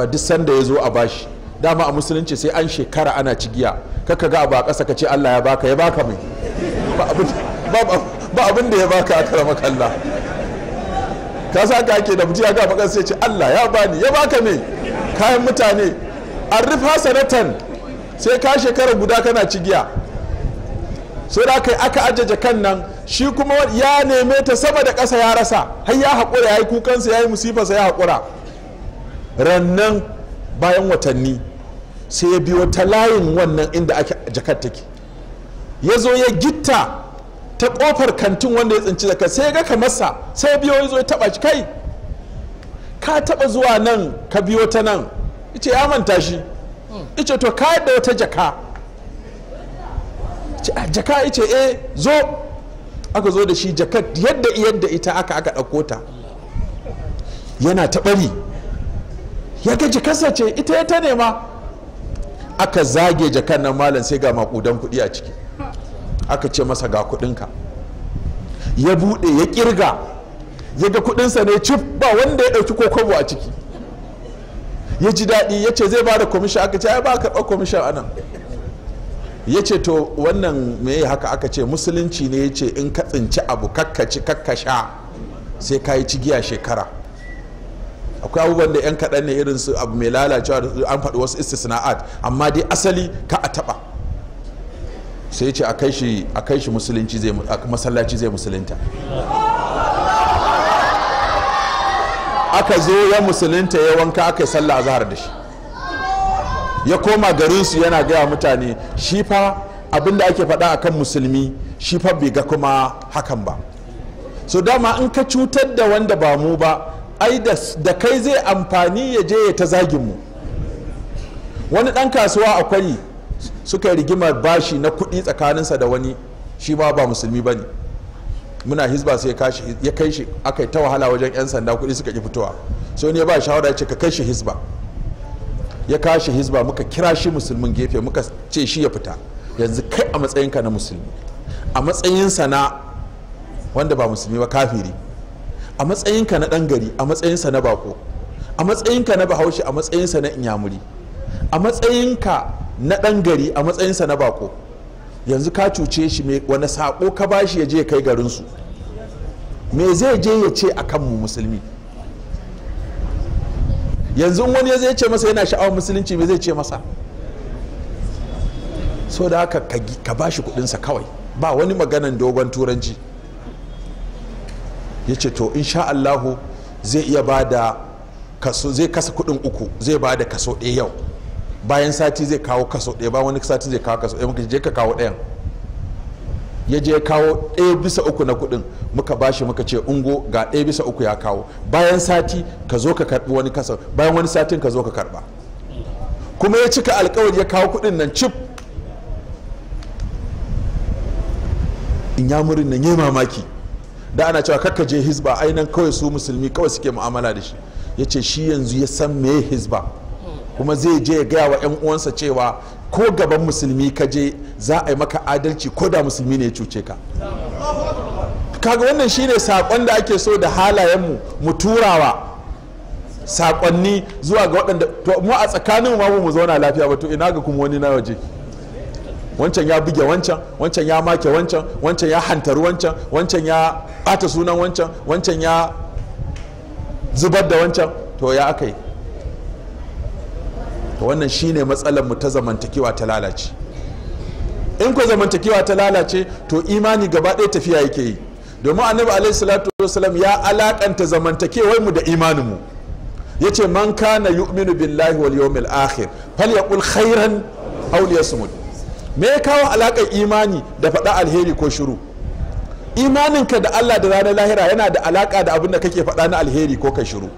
a duk sanda ya zo a bashi dama a musulunci sai an shekara ana cigiya kaka ga abu a ƙasa ka ce Allah ya baka ya baka mai ba abin da ya baka a kara makalla ka sa ka ake da mutu ya gaba ƙasa sai ce Allah ya bani ya baka mai kayan mutane an rufa sanatan sai ka shekara guda kana cigiya sai da aka aka ajaje kan nan shi kuma ya neme ta sama da ƙasa ya rasa har ya haƙura ya yi kukansa ya yi musifarsa ya haƙura rannan bayan watanni sai ya biyo ta layin wannan inda ake jakar take ya zo ya gitta ta kofar kantin wanda ya tsinci zakar sai ya ga kamarsa sai ya biyo ya zo ya taba shi kai ka taba zuwa nan ka biyo ta nan ita ya manta shi ita to ka da wata jaka jaka ice eh zo aka zo da shi jakar yadda yadda ita aka aka ɗauko ta yana ta bari ya ga jikarsa ce ita ya ta nema aka zage jakan nan malam sai ga makudan kudi a ciki aka ce masa ga kuɗinka ya bude ya kirga ya ga kuɗinsa ne cif ba wanda ya ɗauki kokobo a ciki ya ji daɗi ya ce zai ba da kwamishin aka ce ai ba karɓar kwamishin anan ya ce to wannan me haka aka ce musulunci ne ya ce in ka tsinci abu kakkaci kakkasha sai ka yi cigiya shekara akwai abubuwan da 'yan kaɗan ne irin su abu mai lalacewa da an faɗi wasu istisna'at amma dai asali ka a taɓa sai ce a kai shi musulunci zai masallaci zai musulunta aka zo ya musulunta ya wanka aka yi sallah a zahar da shi ya koma garinsu yana gaya mutane shi fa abin da ake faɗa akan musulmi shi fa bai ga kuma hakan ba so dama in ka cutar da wanda ba mu ba ai da kai zai amfani ya je ya ta zagin mu wani ɗan kasuwa a suka yi rigimar bashi na kuɗi tsakaninsa da wani shi ma ba musulmi ba ne muna hizba sai ya kai shi aka ta wahala wajen 'yan sanda kuɗi suka ƙi fitowa sai ya ba shawara ce ka kai shi hizba ya kashi hizba muka kira shi musulmin gefe muka ce shi ya fita yanzu kai a matsayinka na musulmi a matsayinsa na wanda ba musulmi ba kafiri a matsayinka na ɗan gari a matsayinsa na bako a matsayinka na bahaushe a matsayinsa na inyamuri a matsayinka na ɗan gari a matsayinsa na bako yanzu ka cuce shi mai wani saƙo ka ba shi ya je kai garinsu me zai je ya ce a kanmu musulmi yanzu wani zai ce masa yana sha'awar musulunci me zai ce masa so da haka ka ba bashi kudinsa kawai ba wani maganan dogon turanci ya ce to insha allahu zai iya ba da kaso zai kasa kudin uku zai ba da kaso ɗaya yau bayan sati zai kawo kaso ɗaya ba wani sati zai kawo kaso ɗaya muka je ka kawo ɗayan ya je kawo ɗaya bisa uku na kudin muka bashi muka ce ungo ga ɗaya bisa uku ya kawo bayan sati ka zo ka karɓi wani kasa bayan wani satin ka zo ka karɓa kuma ya cika alkawari ya kawo kudin nan cif in murin nan ya mamaki da ana cewa kakka je hizba ainihin kawai su musulmi kawai suke mu'amala da shi ya ce shi yanzu ya san me hisba kuma zai je ya gaya wa 'yan uwansa cewa ko gaban musulmi ka je za a yi maka adalci ko da musulmi ne ya cuce ka kaga wannan shine saƙon da ake so da halayenmu mu turawa saƙonni zuwa ga waɗanda to mu a tsakanin ma mu zauna lafiya ba to ina ga kuma wani na waje wancan ya buge wancan wancan ya make wancan wancan ya hantar wancan wancan ya bata sunan wancan wancan ya zubar da wancan to ya aka yi to wannan shine matsalar mu ta zamantakewa ta lalace in ku zamantakewa ta lalace to imani gaba ɗaya tafiya yake yi domin annabi alaihi salatu wasalam ya alakanta zamantakewar mu da imanin mu yace man kana yu'minu billahi wal yawmil akhir yaqul khairan aw liyasmut me ya kawo alaƙar imani da faɗa alheri ko shiru imaninka da Allah da ranar lahira yana da alaƙa da abin da kake faɗa na alheri ko ka shiru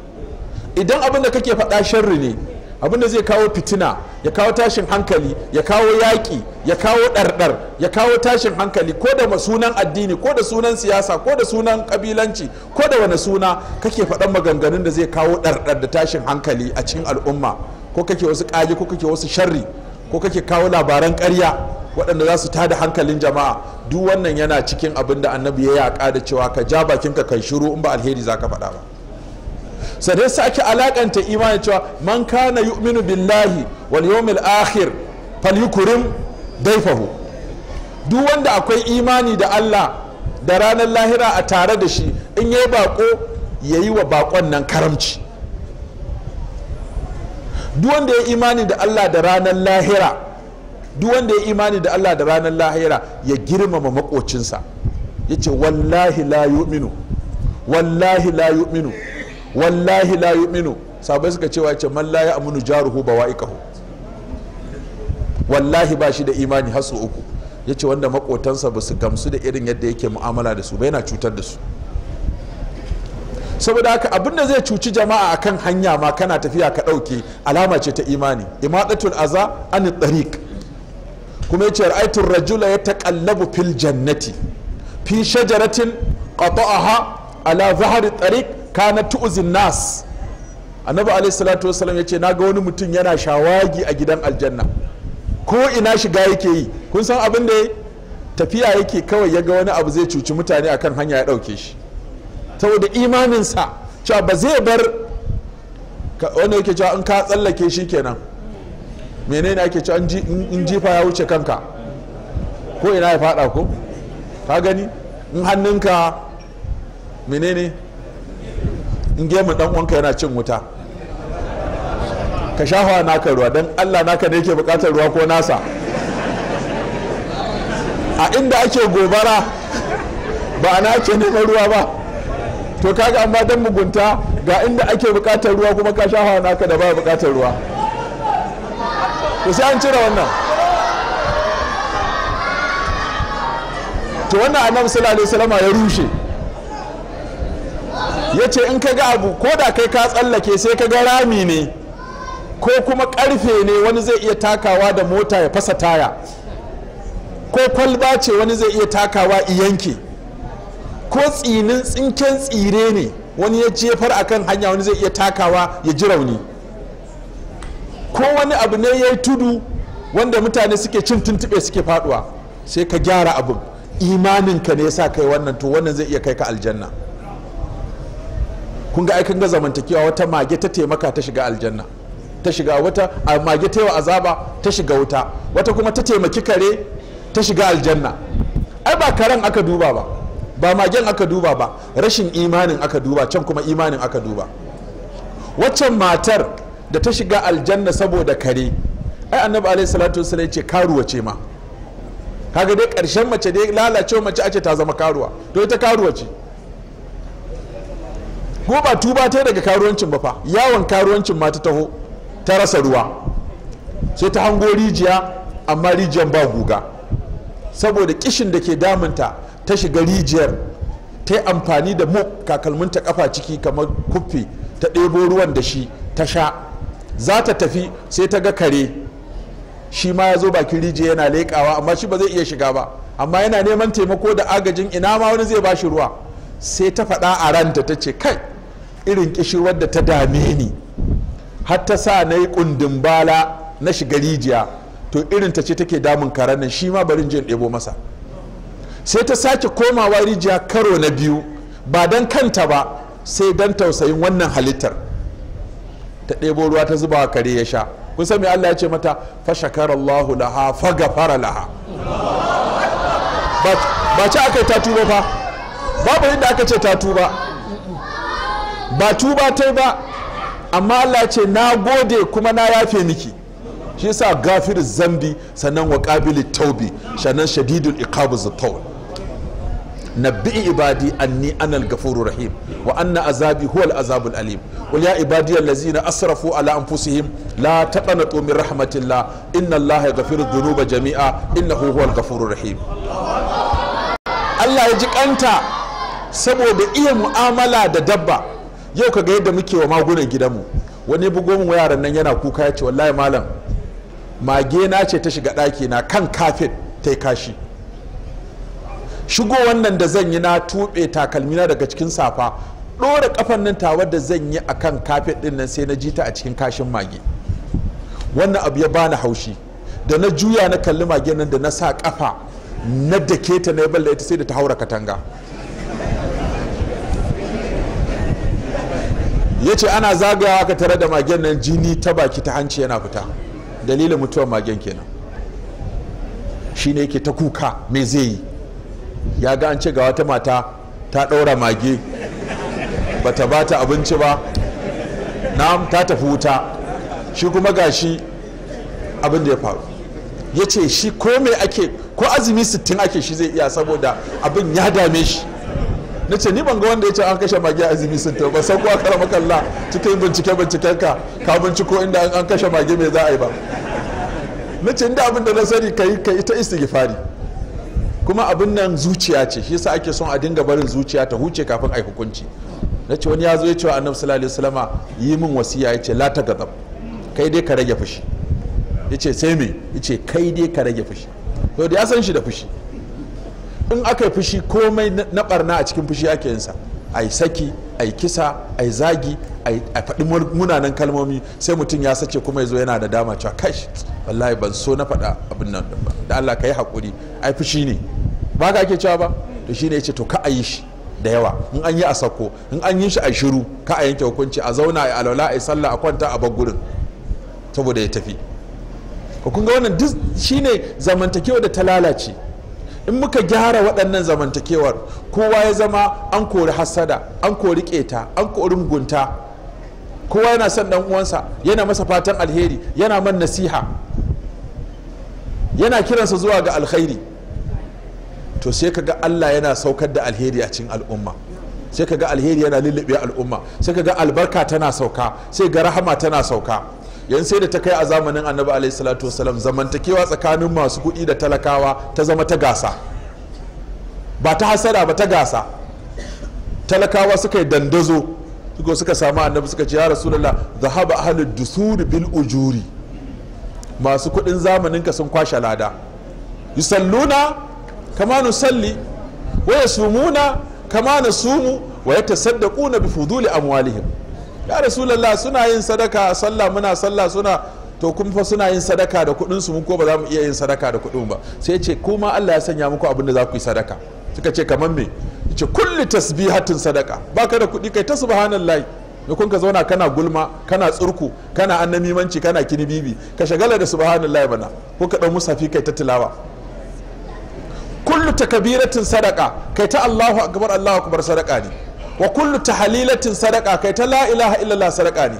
idan abin da kake faɗa sharri ne abin da zai kawo fitina ya kawo tashin hankali ya kawo yaƙi ya kawo ɗarɗar ya kawo tashin hankali ko da sunan addini ko da sunan siyasa ko da sunan ƙabilanci ko da wani suna kake faɗan maganganun da zai kawo ɗarɗar da tashin hankali a cikin al'umma ko kake wasu ƙage ko kake wasu sharri ko kake kawo labaran karya waɗanda za su tada hankalin jama'a duk wannan yana cikin abin da annabi ya yaƙa da cewa ka ja bakinka kai shiru in ba alheri za ka faɗa ba sadai sake alakanta imani cewa man kana yu'minu billahi wal yawmil akhir falyukrim daifahu duk wanda akwai imani da Allah da ranar lahira a tare da shi in yayi bako yayi wa bakon nan karamci duk wanda ya imani da Allah da ranar lahira wanda ya imani da Allah da ranar lahira ya girmama makocinsa ya ce wallahi la yu'minu wallahi la yu'minu wallahi la yu'minu sabai suka cewa ce man la ya'munu jaruhu bawa'iqahu wallahi ba shi da imani hasu uku ya ce wanda makotansa ba su gamsu da irin yadda yake mu'amala da su ba yana cutar da su saboda haka abin da zai cuci jama'a akan hanya ma kana tafiya ka ɗauke alama ce ta imani imadatul aza an tariq kuma yace ra'aytu rajula yataqallabu fil jannati fi shajaratin qata'aha ala zahri tariq kana tu'zin nas annabi alayhi salatu wasallam yace naga wani mutum yana shawagi a gidan aljanna ko ina shiga yake yi kun san abin da tafiya yake kawai ya ga wani abu zai cuci mutane akan hanya ya ɗauke shi saboda imaninsa cewa ba zai bar wanda yake cewa in ka tsallake shi kenan menene ake cewa in jifa ya wuce kanka ko ina ya fada ko ka gani in hannunka menene in gemu dan uwanka yana cin wuta ka shafa naka ruwa don allah naka ne yake bukatar ruwa ko nasa a inda ake gobara ba na ake neman ruwa ba to kaga amma dan mugunta ga inda ake bukatar ruwa kuma ka sha hawa naka da ba bukatar ruwa to sai an cire wannan to wannan annabi sallallahu alaihi wasallam ya rushe yace in ka ga abu ko da kai ka tsallake sai ka ga rami ne ko kuma karfe ne wani zai iya takawa da mota ya fasa taya ko kwalba ce wani zai iya takawa iyanke yanke ko tsinin tsinken tsire ne wani ya jefar akan hanya wani zai iya takawa ya ji rauni ko wani abu ne ya yi tudu wanda mutane suke cin tuntube suke faduwa sai ka gyara abin imaninka ne ya sa kai wannan to wannan zai iya kai ka aljanna kun ga aikin ga zamantakewa wata mage ta taimaka ta shiga aljanna ta shiga wata a mage ta wa azaba ta shiga wuta wata kuma ta taimaki kare ta shiga aljanna ai ba karen aka duba ba ba magen aka duba ba rashin imanin aka duba can kuma imanin aka duba waccan matar da ta shiga aljanna saboda kare ai annabi alaihi salatu wasallam ce karuwa ce ma kaga dai karshen mace dai lalace mace ace ta zama karuwa to ita karuwa ce goba tuba ta daga karuwancin ba fa yawon karuwancin ma ta taho ta rasa ruwa sai ta hango rijiya amma rijiyan ba guga saboda kishin da ke damunta ta shiga rijiyar ta yi amfani da mu ta kafa ciki kamar kuffi ta ɗebo ruwan da shi ta sha za ta tafi sai ta ga kare shi ma ya zo bakin rijiya yana leƙawa amma shi ba zai iya shiga ba amma yana neman taimako da agajin ina ma wani zai ba shi ruwa sai ta faɗa a ranta ta ce kai irin kishirwar da ta dame ni har ta sa na yi ƙundin bala na shiga rijiya to irin ta ce take damun karen nan shi ma barin jin ɗebo masa sai ta sake komawa rijiya karo na biyu ba don kanta ba sai don tausayin wannan halittar ta ɗebo ruwa ta zuba kare ya sha kusa mai Allah ya ce mata fa Allahu laha fa laha ba ci aka yi ta tuba fa babu inda aka ce ta tuba ba tuba ta ba amma Allah ya ce na gode kuma na yafe miki shi sa gafir zambi sannan wa qabilit taubi sannan shadidul iqabu zatawul bi'i ibadi anni ana al rahim wa anna azabi huwa al-azabul alim qul ya ibadi allazina asrafu ala anfusihim la taqnatu min rahmatillah inna allaha yaghfiru dhunuba jami'a innahu huwa al rahim Allah ya ji kanta saboda iya mu'amala da dabba yau kaga yadda muke wa magunan gidanmu wani bugo mu yaran nan yana kuka ya ce wallahi malam mage na ce ta shiga ɗaki na kan kafet ta kashi shigo wannan da zan yi na tuɓe takalmina daga cikin safa ɗora kafan nan tawar da zan yi a kan kafet ɗin nan sai na ji ta a cikin kashin mage wannan abu ya bani haushi da na juya na kalli mage nan da na sa kafa na dake ta na da ita sai da ta haura katanga ya ce ana zagayawa ka tare da magen nan jini ta baki ta hanci yana fita dalilin mutuwar magen kenan shine yake ta kuka me zai yi ya ga an ce ga wata mata ta ɗaura mage ba bata bata abinci ba na ta tafi wuta shi kuma ga shi abin da ya faru ya ce shi ko me ake ko azumi sittin ake shi zai iya saboda abin ya dame shi na ce ni ban wanda ya ce an kashe mage azumi sittin ba san kuwa kara kalla cikin bincike binciken ka ka binciko inda an kashe mage me za a yi ba na ce inda abin da na sani ka yi ka ita kuma abin nan zuciya ce shi yasa ake son a dinga barin zuciya ta huce kafin ai hukunci na ce wani ya zo ya ce wa annabi sallallahu alaihi wasallam yi min wasiya ya ce la ta gazab kai dai ka rage fushi ya ce sai me ya ce kai dai ka rage fushi to da ya san shi da fushi in aka yi fushi komai na barna a cikin fushi ake yinsa a yi saki a kisa a zagi a faɗi munanan kalmomi sai mutum ya sace kuma ya zo yana da dama cewa kai wallahi ban so na faɗa abin nan ba da Allah ka yi haƙuri ai fushi ne ba ka ake cewa ba to shine ya ce to ka a yi shi da yawa in an yi a sako in an yi shi a shiru ka a yanke hukunci a zauna a alwala a sallah a kwanta a bar gurin saboda ya tafi kun ga wannan duk shine zamantakewa da ta lalace in muka gyara waɗannan zamantakewar kowa ya zama an kori hasada an kori keta an kori mugunta kowa yana son dan uwansa yana masa fatan alheri yana man nasiha yana kiransa zuwa ga alkhairi to sai ka ga Allah yana saukar da alheri a cikin al'umma sai ka ga alheri yana lullube al'umma sai ka ga albarka tana sauka sai ga rahama tana sauka yan sai da ta kai a zamanin annabi alaihi salatu wasalam zamantakewa tsakanin masu kuɗi da talakawa ta zama ta gasa ba ta hasara ba ta gasa talakawa suka yi dandazo suka suka samu annabi suka ce ya rasulullah zahaba ahli dusuri bil ujuri masu kuɗin zamanin ka sun kwashe lada yusalluna kamanu salli wa yasumuna kama sumu wa yatasaddaquna bi fuduli amwalihim ya rasulullah suna yin sadaka sallah muna sallah suna to kun fa suna yin sadaka da kuɗin su mun ko ba za mu iya yin sadaka da kuɗin ba sai ce kuma Allah ya sanya muku abin da za ku yi sadaka suka ce kamar me ce kulli tasbihatin sadaka baka da kuɗi kai ta subhanallahi da kun ka zauna kana gulma kana tsurku kana annamimanci kana kinibibi ka shagala da subhanallahi bana ko ka dau musafi kai ta tilawa kullu takabiratin sadaka kai ta Allahu akbar Allahu akbar sadaka ne wa kullu tahlilatin sadaka kai ta la ilaha sadaka ne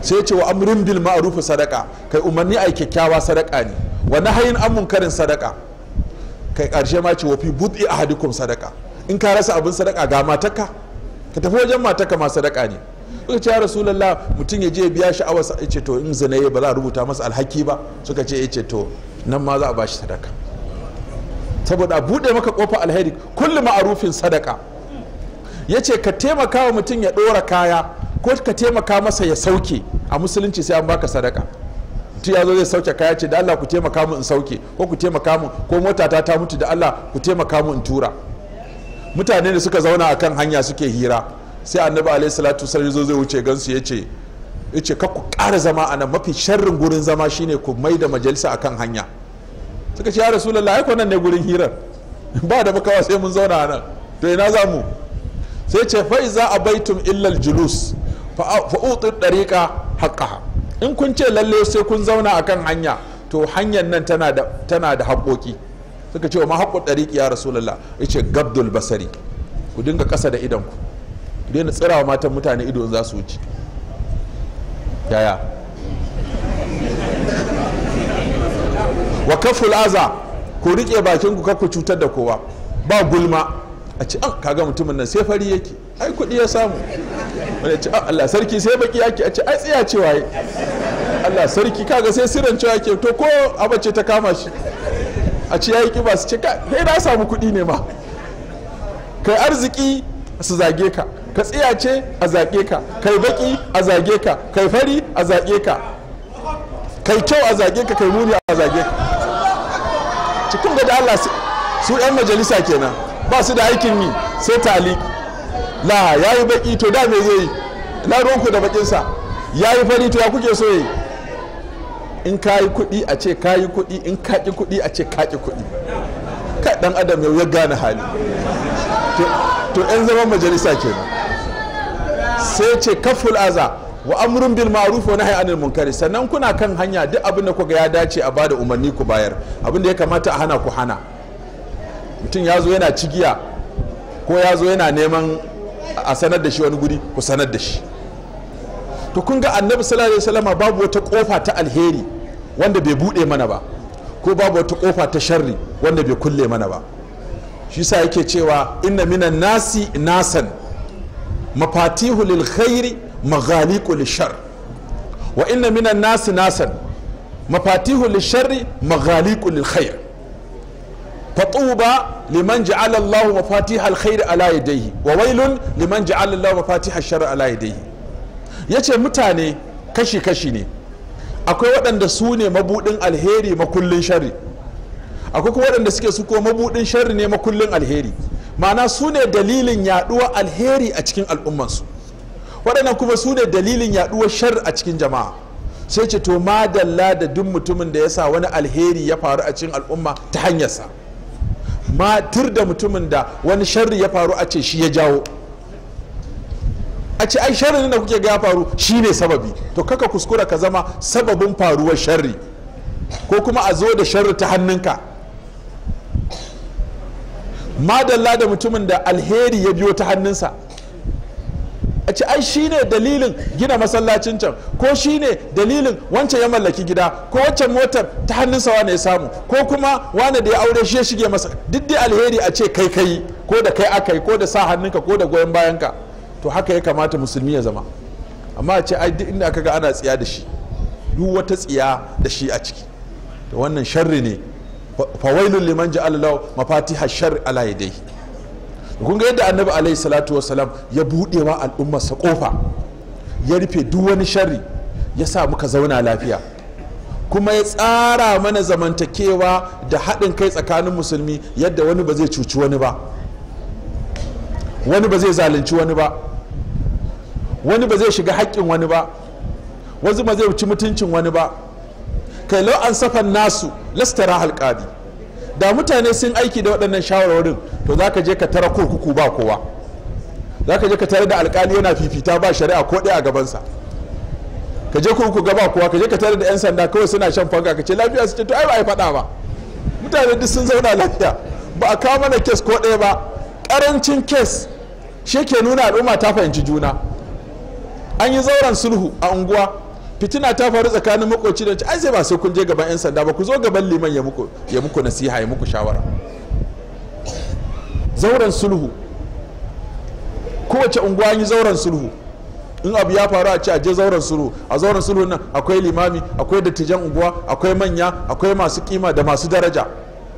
sai ce wa amrin bil ma'ruf sadaka kai umarni ai kyakkyawa sadaka ne wa nahyin amun karin sadaka kai karshe ma ce wa fi bud'i ahadikum sadaka in ka rasa abin sadaka ga mataka ka tafi wajen mataka ma sadaka ne suka ce ya rasulullah mutum ya je biya sha'awarsa ya ce to in zina ba za a rubuta masa alhaki ba suka ce ya ce to nan ma za a bashi sadaka saboda a buɗe maka ƙofa alheri kullum rufin sadaka ya ce ka taimaka wa mutum ya ɗora kaya ko ka taimaka masa ya sauke a musulunci sai an baka sadaka mutum ya zo zai sauke kaya ce da Allah ku taimaka mu in sauke ko ku taimaka mu ko mota ta ta mutu da Allah ku taimaka mu in tura mutane da suka zauna akan hanya suke hira sai annabi alaihi salatu wasallam zo zai wuce gansu ya ce ya ce ku ƙara zama a nan mafi sharrin gurin zama shine ku mai da majalisa akan hanya suka ce ya rasulallah ai nan ne gurin hirar ba da makawa sai mun zauna a nan to ina za mu sai ce fa za a illal julus fa utu dariqa in kun ce lalle sai kun zauna akan hanya to hanyar nan tana da tana da haƙoƙi suka ce wa ma haƙƙo dariqi ya rasulallah yace gabdul basari ku dinga ƙasa da idan ku ku daina tsirawa matan mutane ido za su wuce yaya wa kaful aza ku rike bakin ku ku cutar da kowa ba gulma a ce an ah, kaga mutumin nan sai fari yake ai kuɗi ya samu wani ce an ah, Allah sarki sai baki yake a ce ai tsaya cewa yi Allah sarki kaga sai siran cewa yake to ko abace ta kama shi a ce yi kiba su ce kai na samu kuɗi ne ma kai arziki su zage ka ka tsiyace a zaƙe ka kai baƙi a zaƙe ka kai fari a zaƙe ka kai kyau a zaƙe ka kai muni a zaƙe ka cikin da Allah su yan majalisa kenan ba su da aikin yi sai tali la ya yi baƙi? to da me zai yi na ronku da baƙinsa ya yi fari to ya kuke so yi in ka yi kuɗi a ce ka yi kuɗi in ka ƙi kuɗi a ce ka ƙi kuɗi ka ɗan adam yau ya gane hali to 'yan zaman majalisa kenan sai ce kaful aza wa amrun bil ma'ruf wa nahy anil munkari sannan kuna kan hanya duk abin da kuga ya dace a bada umarni ku bayar abin da ya kamata a hana ku hana mutum ya zo yana cigiya ko ya zo yana neman a sanar da shi wani guri ku sanar da shi to kun ga annabi sallallahu alaihi wasallama babu wata kofa ta alheri wanda bai bude mana ba ko babu wata kofa ta sharri wanda bai kulle mana ba shi sa yake cewa inna minan nasi nasan mafatihu lil khairi maghaliqu lishar wa inna minan nasi nasan mafatihu sharri maghaliqu lil khair fatuba liman ja'ala Allahu mafatih al khair ala yadayhi wa wailun liman ja'ala Allahu mafatih shar ala yadayhi yace mutane kashi kashi ne akwai waɗanda su ne mabudin alheri makullin sharri akwai kuma waɗanda suke su ko mabudin sharri ne makullin alheri ma'ana su ne dalilin yaduwa alheri a cikin al'ummansu waɗannan kuma su ne dalilin yaɗuwar shar a cikin jama'a sai ce to madalla da duk mutumin da ya sa wani alheri ya faru a cikin al'umma ta hanyarsa matir da mutumin da wani sharri ya faru a ce shi ya jawo a ce ai sharrin da kuke ga faru shi ne sababi to kaka kuskura ka zama sababin faruwar sharri ko kuma a zo da sharri ta hannunka madalla da mutumin da alheri ya biyo ta hannunsa a ce ai shine dalilin gina masallacin can ko shine dalilin wancan ya mallaki gida ko wancan motar ta hannunsa wane ya samu ko kuma wane da ya aure shi ya shige masa duk alheri a ce kai kai ko da kai aka yi ko da sa hannunka ko da goyon bayanka to haka ya kamata musulmi ya zama amma a ce ai duk inda aka ga ana tsiya da shi duk wata tsiya da shi a ciki to wannan sharri ne fawailun liman ja'ala lahu mafati hashar ala kun ga yadda annabi alayhi salatu wasalam ya wa al'ummar sa kofa ya rufe duk wani sharri ya sa muka zauna lafiya kuma ya tsara mana zamantakewa da haɗin kai tsakanin musulmi yadda wani ba zai cuci wani ba wani ba zai zalunci wani ba wani ba zai shiga haƙƙin wani ba wani ba zai ci mutuncin wani ba kai lau an safan nasu lastara halƙadi da mutane sun aiki da waɗannan shawarwarin to za ka je ka tara kurkuku ba kowa za ka je ka tare da alƙali yana fifita ba shari'a ko ɗaya a gabansa ka je kurkuku gaba kowa ka je ka tare da 'yan sanda kawai suna shan fanka ka ce lafiya su ce to ai ba a yi ba mutane duk sun zauna lafiya ba a kawo mana kes ko ɗaya ba karancin kes shi ke nuna al'umma ta fahimci juna an yi zauren sulhu a unguwa fitina ta faru tsakanin makoci da ai sai ba sai kun je gaban yan sanda ba ku zo gaban liman ya muku ya muku nasiha ya muku shawara zauren sulhu kowace unguwa yi zauren sulhu in abu ya faru a ce a je zauren sulhu a zauren sulhu nan akwai limami akwai dattijan unguwa akwai manya akwai masu kima da masu daraja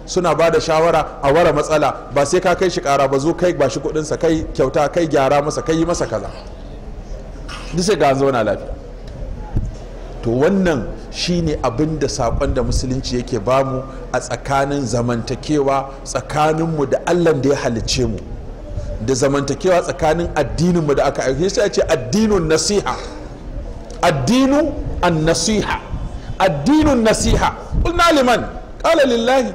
suna ba da shawara a wara matsala ba sai ka kai shi kara ba zo kai ba shi kudinsa kai kyauta kai gyara masa kai yi masa kaza duk sai ga zauna lafiya to wannan shine abin da saƙon da musulunci yake bamu a tsakanin zamantakewa tsakaninmu da allah da ya halice mu da zamantakewa tsakanin addininmu da aka aiki sai a ce addinun nasiha addinu an nasiha addinun nasiha kulna liman kala lillahi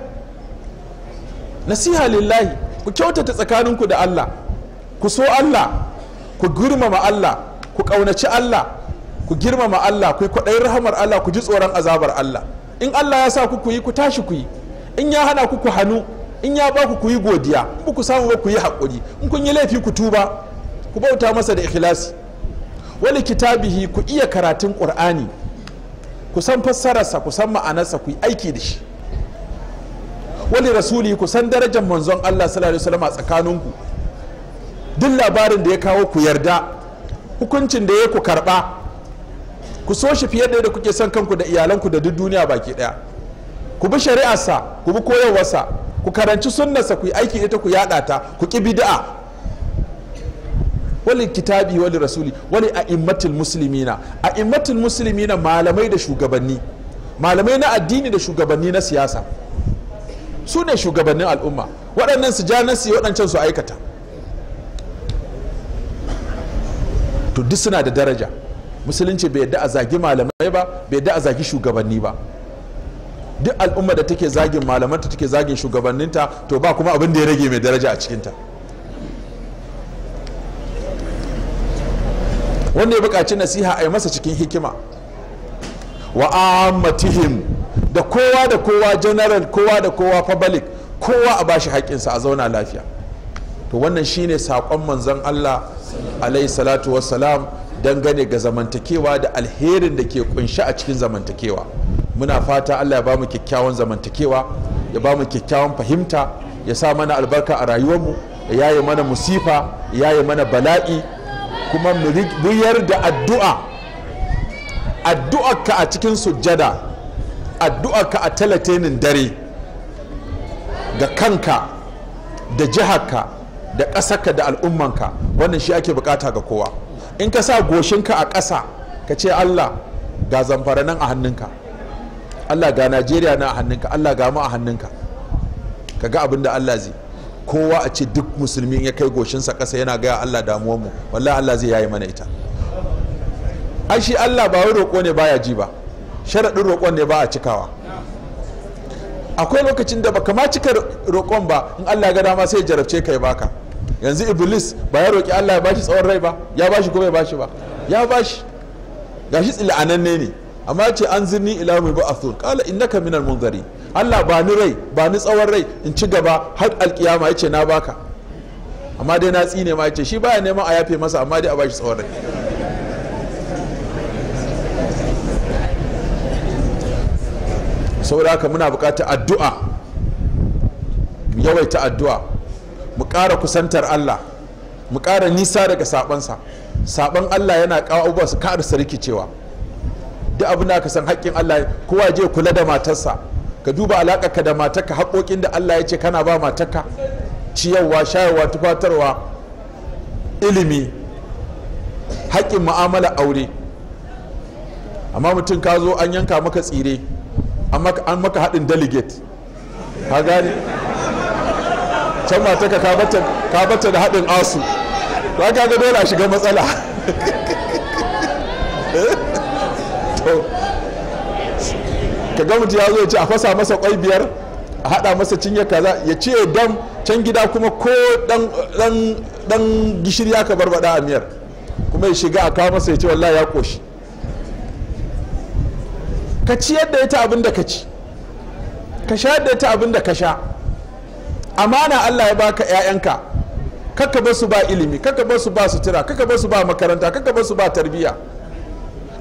nasiha lillahi ku kyautata tsakaninku da allah ku so allah ku girmama allah ku ƙaunaci allah ku girmama Allah ku yi kwaɗayin rahamar Allah ku ji tsoron azabar Allah in Allah ya sa ku ku yi ku tashi ku yi in ya hana ku ku hannu in ya ba ku ku yi godiya in ku samu ba ku yi haƙuri in kun yi laifi ku tuba ku bauta masa da ikhlasi wani kitabihi ku iya karatun ƙur'ani ku san fassararsa ku san ma'anarsa ku yi aiki da shi wani rasuli ku san darajar manzon Allah sallallahu alaihi wasallam a tsakaninku duk labarin da ya kawo ku yarda hukuncin da ya ku karba ku so shi fiye da yadda kuke son kanku da iyalanku da duk duniya baki daya ku bi shari'arsa ku bi koyarwarsa ku karanci sunnarsa ku yi aiki ita ku yada ta ku ki bid'a wali kitabi wali rasuli wali a'immatul muslimina a'immatul muslimina malamai da shugabanni malamai na addini da shugabanni na siyasa su ne shugabannin al'umma waɗannan su ja nasi waɗancan su aikata to duk suna da daraja musulunci bai yadda a zagi malamai ba bai yadda a zagi shugabanni ba duk al'umma da take zagin malamanta take zagin shugabanninta to ba kuma abin da ya rage mai daraja a cikinta wanda ya buƙaci nasiha a yi masa cikin hikima wa ammatihim da kowa da kowa general kowa da kowa public kowa a bashi haƙƙinsa a zauna lafiya to wannan shine saƙon manzon Allah alaihi salatu wassalam dangane ga zamantakewa da alherin da ke kunshi a cikin zamantakewa muna fata allah ya ba mu kyakkyawan zamantakewa ya ba mu kyakkyawan fahimta ya sa mana albarka a rayuwarmu ya yaye mana musifa ya yaye mana bala'i kuma mu da addu'a addu'arka a cikin sujjada addu'arka a talatinin dare ga kanka da jiharka da ƙasarka da al'ummanka wannan shi ake bukata ga kowa in ka sa goshinka a ƙasa ka ce allah ga zamfara nan a hannunka allah ga najeriya nan a hannunka allah ga mu a hannunka ka ga abin da allah zai kowa a ce duk musulmi ya kai goshinsa ƙasa yana gaya allah mu, wallah allah zai yayi mana ita ai shi allah ba wai roƙo ne baya ji ba sharaɗin roƙon ne ba a cikawa akwai lokacin da baka ma cika roƙon ba in allah ga dama sai jarabce ka baka yanzu iblis ba ya roƙi Allah ya bashi tsawon rai ba ya bashi ko bai bashi ba ya bashi ga shi tsila'ananne ne amma ce an zirni ila mai ba'athur qala innaka minal munzari Allah ba ni rai ba ni tsawon rai in ci gaba har alkiyama yace na baka amma dai na tsine ma yace shi baya neman a yafe masa amma dai a bashi tsawon rai saboda haka muna bukatar addu'a yawaita addu'a mu ƙara kusantar Allah mu ƙara nisa daga sabansa saban Allah yana ƙawa su ƙara sarkicewa duk abin da ka san haƙƙin Allah kowa je kula da matarsa ka duba ka da matarka haƙoƙin da Allah ya ce kana ba matarka ciyarwa shayarwa tufatarwa ilimi haƙƙin mu'amala aure amma mutum ka zo an yanka maka tsire an maka haɗin delegate ka gane can mata ka kabata da haɗin asu ba ka ga dole a shiga matsala ka ga mutum ya zo ya ce a fasa masa kwai biyar a haɗa masa cinye kaza ya ce don can gida kuma ko ɗan gishiri ya ka barbada a miyar kuma ya shiga a kawo masa ya ce wallah ya ƙoshi. ka ci yadda ya ta abin da ka ci ka sha yadda ya ta abin da ka sha amana Allah ya baka 'ya'yanka kaka ba su ba ilimi kaka ba su ba sutura kaka ba su ba makaranta kaka ba su ba tarbiyya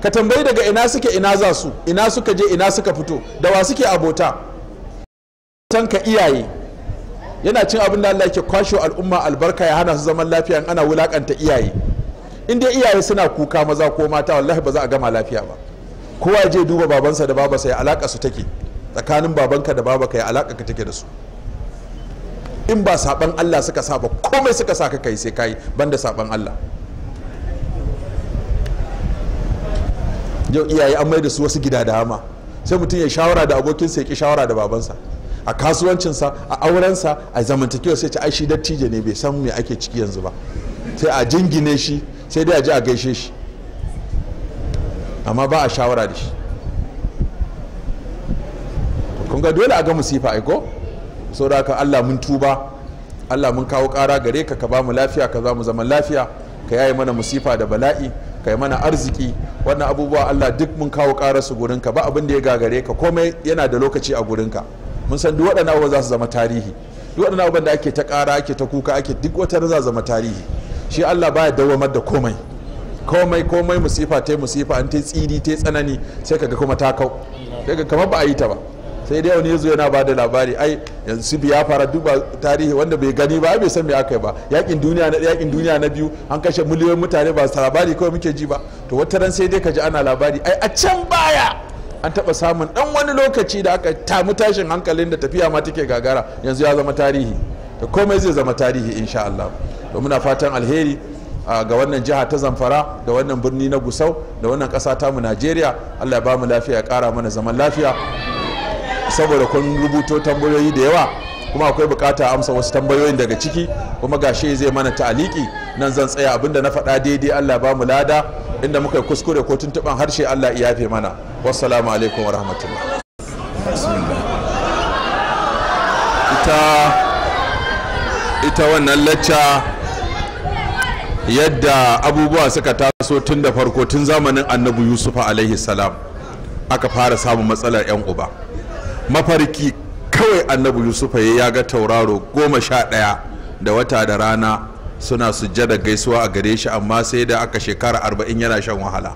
ka tambayi daga ina suke ina za su ina suka je ina suka fito da wa suke abota tanka iyaye yana cin abin da Allah ke kwashe al'umma albarka ya hana su zaman lafiya in ana wulakanta iyaye in dai iyaye suna kuka maza ko mata wallahi ba za a gama lafiya ba kowa je duba babansa da babansa ya alaka su take tsakanin babanka da babaka ya alaka ka take da su in ba saban Allah suka sa ba komai suka sa ka kai sai kai banda saban Allah yau iyaye an mai da su wasu gida da hama sai mutum ya shawara da abokinsa ya ki shawara da babansa a kasuwancinsa a aurensa a zamantakewa sai ce ai shi dattijo ne bai san me ake ciki yanzu ba sai a jingine shi sai dai a ji a gaishe shi amma ba a shawara da shi kun ga dole a ga musifa aiko saboda aka Allah mun tuba Allah mun kawo kara gare ka ka ba mu lafiya ka za mu zaman lafiya ka yaye mana musifa da bala'i ka yi mana arziki wannan abubuwa Allah duk mun kawo kara su gurin ka ba abin da ya gagare ka komai yana da lokaci a gurin ka mun san duk waɗannan abubuwa za su zama tarihi duk waɗannan abubuwan da ake ta kara ake ta kuka ake duk wata za zama tarihi shi Allah baya dawamar da komai komai komai musifa ta musifa an ta tsiri ta tsanani sai kaga kuma ta kau sai ka kamar ba a yi ta ba sai dai wani yazo yana bada labari ai yanzu ya fara duba tarihi wanda bai gani ba bai san me aka yi ba yakin duniya na yakin duniya na biyu an kashe miliyoyin mutane ba su labari kawai muke ji ba to wata ran sai dai ka ji ana labari ai a can baya an taba samun dan wani lokaci da aka tamu tashin hankalin da tafiya ma take gagara yanzu ya zama tarihi da komai zai zama tarihi insha Allah to muna fatan alheri ah, ga wannan jiha ta zamfara da wannan birni na gusau da wannan ta mu najeriya allah ya ba mu lafiya ya kara mana zaman lafiya saboda kun rubuto tambayoyi da yawa kuma akwai bukata amsa wasu tambayoyin daga ciki kuma gashi zai mana ta'aliki nan zan tsaya abinda na faɗa daidai Allah ba mu lada inda muka kuskure ko tuntuban harshe Allah ya yafe mana wassalamu alaikum wa ita wannan lacca yadda abubuwa suka taso tun da farko tun zamanin annabi yusufa alaihi salam aka fara samun matsalar 'yan uba mafarki kawai annabi yusufa ya ga tauraro goma sha ɗaya da wata da rana suna sujjada gaisuwa a gare shi amma sai da aka shekara arba'in yana shan wahala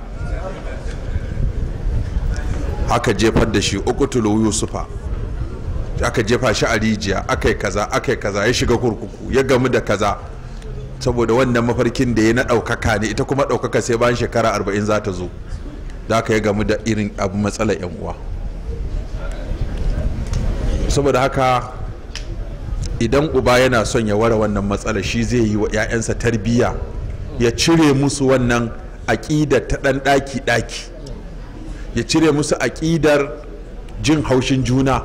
aka jefar da shi uku tulu yusufa aka jefa shi a rijiya aka yi kaza aka yi kaza ya shiga kurkuku ya gamu da kaza saboda wannan mafarkin da ya na ɗaukaka ne ita kuma ɗaukaka sai bayan shekara arba'in za ta zo da aka ya gamu da irin abu matsala 'yan uwa saboda haka idan uba yana son ya ware wannan matsala shi zai yi wa 'ya'yansa tarbiyya ya cire musu wannan aƙidar ta ɗan ɗaki-ɗaki ya cire musu aƙidar jin haushin juna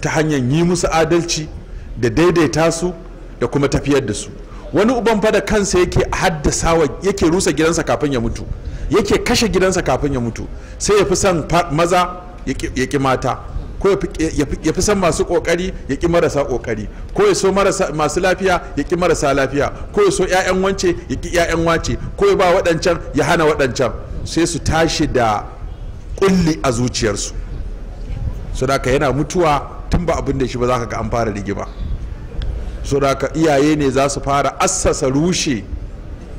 ta hanyar yi musu adalci da daidaita su da kuma tafiyar da su wani uban fada kansa yake haddasa yake rusa gidansa kafin ya mutu yake kashe gidansa kafin ya mutu sai ya fi son maza ya ki mata ko ya fi san masu kokari ya ki marasa kokari ko ya so masu lafiya ya ki marasa lafiya ko ya so 'ya'yan wance ya ki 'ya'yan wace ko ya ba waɗancan ya hana waɗancan sai su tashi da kulli a zuciyarsu so da yana mutuwa tun ba abin da shi ba za ka ga an fara rigima so da iyaye ne za su fara assasa rushe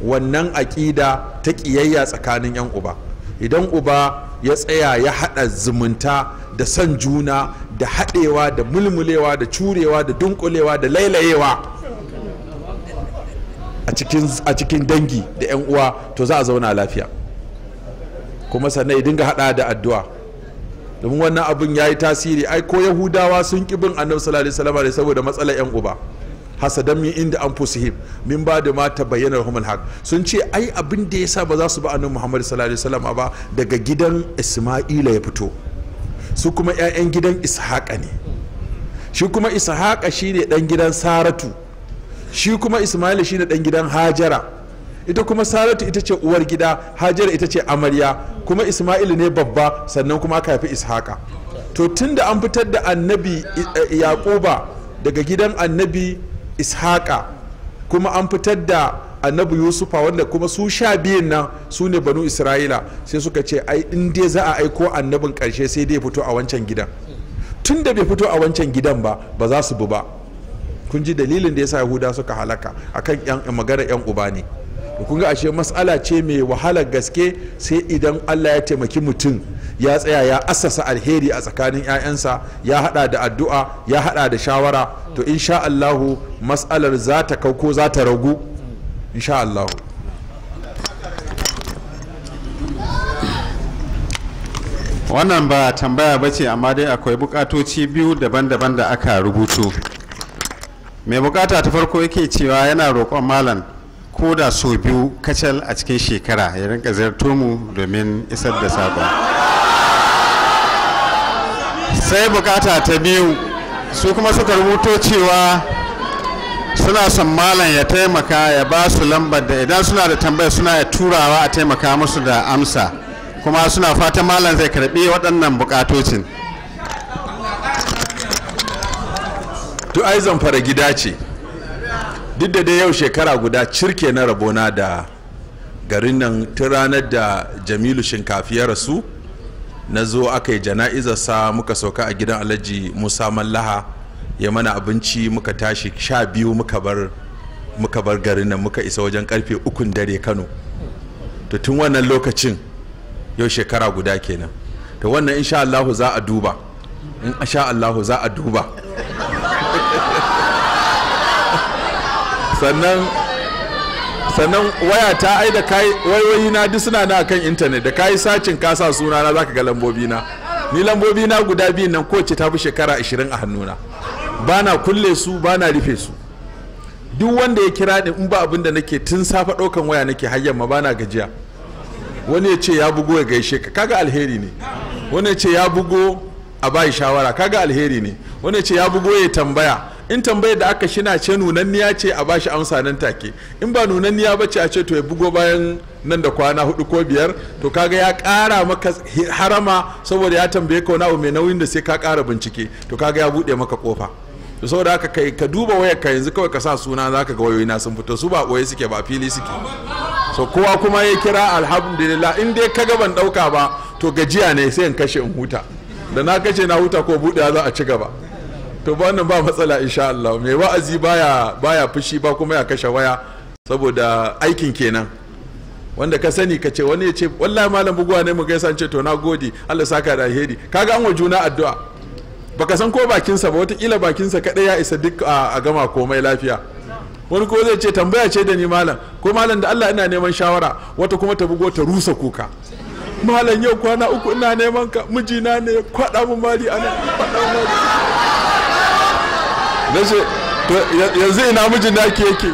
wannan aƙida ta ƙiyayya tsakanin 'yan uba idan uba ya tsaya ya haɗa zumunta da son juna da haɗewa da mulmulewa da curewa da dunkulewa da lailayewa a cikin dangi da 'yan uwa to za a zauna lafiya kuma sannan idin dinga haɗa da addu'a domin wannan abin ya yi tasiri ai ko yahudawa sun ƙi bin annabi sallallahu alaihi saboda matsalar 'yan uba hasadan min inda an anfusihim min ba da mata bayyana humul haq sun ce ai abin da yasa ba za su ba annabi Muhammad sallallahu alaihi wasallam ba daga gidan Isma'ila ya fito su kuma 'ya'yan gidan Ishaqa ne shi kuma Ishaqa shine dan gidan Saratu shi kuma Isma'ila shine dan gidan Hajara ita kuma Saratu ita ce uwar gida Hajara ita ce amarya kuma Isma'il ne babba sannan kuma aka haifi Ishaqa to tunda an fitar da annabi eh, Yaquba daga gidan annabi ishaƙa kuma an fitar da annabi yusufa wanda kuma su sha biyun nan su ne banu isra'ila sai suka ce ai in dai za a aiko annabin karshe sai dai fito a wancan gidan tun da bai fito a wancan gidan ba ba za su bu ba kun ji dalilin da yasa yahuda suka halaka akan yan magana yan uba ne da kun ashe matsala ce mai wahalar gaske sai idan allah ya taimaki mutum ya tsaya ya assasa alheri a tsakanin 'ya'yansa ya hada da addu'a ya hada da shawara to insha allahu matsalar za ta kauko za ta ragu insha allahu wannan ba tambaya ba ce amma dai akwai bukatoci biyu daban-daban da aka rubuto mai bukata ta farko yake cewa yana roƙon malam ko da so biyu kacal a cikin shekara ya rinka ziyarto mu domin isar da sabo sai bukata ta biyu su kuma suka rubuto cewa suna son malam ya taimaka ya ba su lambar da idan suna da tambaya suna ya turawa a taimaka musu da amsa kuma suna fata malam zai karbi waɗannan bukatocin to ai zamfara gida ce duk da dai yau shekara guda cirke na rabona da garin nan tun ranar da jamilu shinkafi ya rasu na zo aka yi sa muka sauka a gidan alhaji musa mallaha ya mana abinci muka tashi sha biyu muka bar garin nan muka isa wajen karfe ukun dare kano to tun wannan lokacin yau shekara guda kenan to wannan insha za a duba in sha za a duba sannan sannan waya ta ai da kai wayoyi na duk suna na kan intanet da kai sacin ka sa suna na zaka ga lambobi na ni lambobi na guda biyu nan kowace ta fi shekara 20 a hannuna ba na kulle su ba na rufe su duk wanda ya kira ni in ba abin da nake tun safa ɗaukan waya nake hayyan ma ba na gajiya wani ya ce ya bugo ya gaishe ka kaga alheri ne wani ya ce ya bugo a bai shawara kaga alheri ne wani ya ce ya bugo ya tambaya in tambayar da aka shina ce nunanniya ce a bashi amsa nan take in ba nunanniya ba ce a ce to ya bugo bayan nan da kwana hudu ko biyar to kaga ya kara maka harama saboda ya tambaye ka wani abu mai nauyin da sai ka kara bincike to kaga ya bude maka kofa to saboda haka kai ka duba wayar ka yanzu kawai ka sa suna zaka ga wayoyi na sun fito su ba waye suke ba fili suke so kowa kuma ya kira alhamdulillah in dai ka ga ban dauka ba to gajiya ne sai in kashe in huta da na kashe na huta ko bude za a ci gaba to ba nan ba matsala insha Allah mai wa'azi baya baya fushi ba kuma ya kashe waya saboda aikin kenan wanda ka sani ka ce wani ya ce wallahi malam buguwa ne mu gaisa ce to na gode Allah saka da alheri kaga an wa juna addu'a baka san ko bakinsa ba watakila bakinsa kaɗai ya isa duk a gama komai lafiya wani ko zai ce tambaya ce da ni malam ko malam da Allah ina neman shawara wata kuma ta bugo ta rusa kuka malam yau kwana uku ina neman ka mijina ne kwaɗa mu mali a nan yanzu ina mijin da ake yake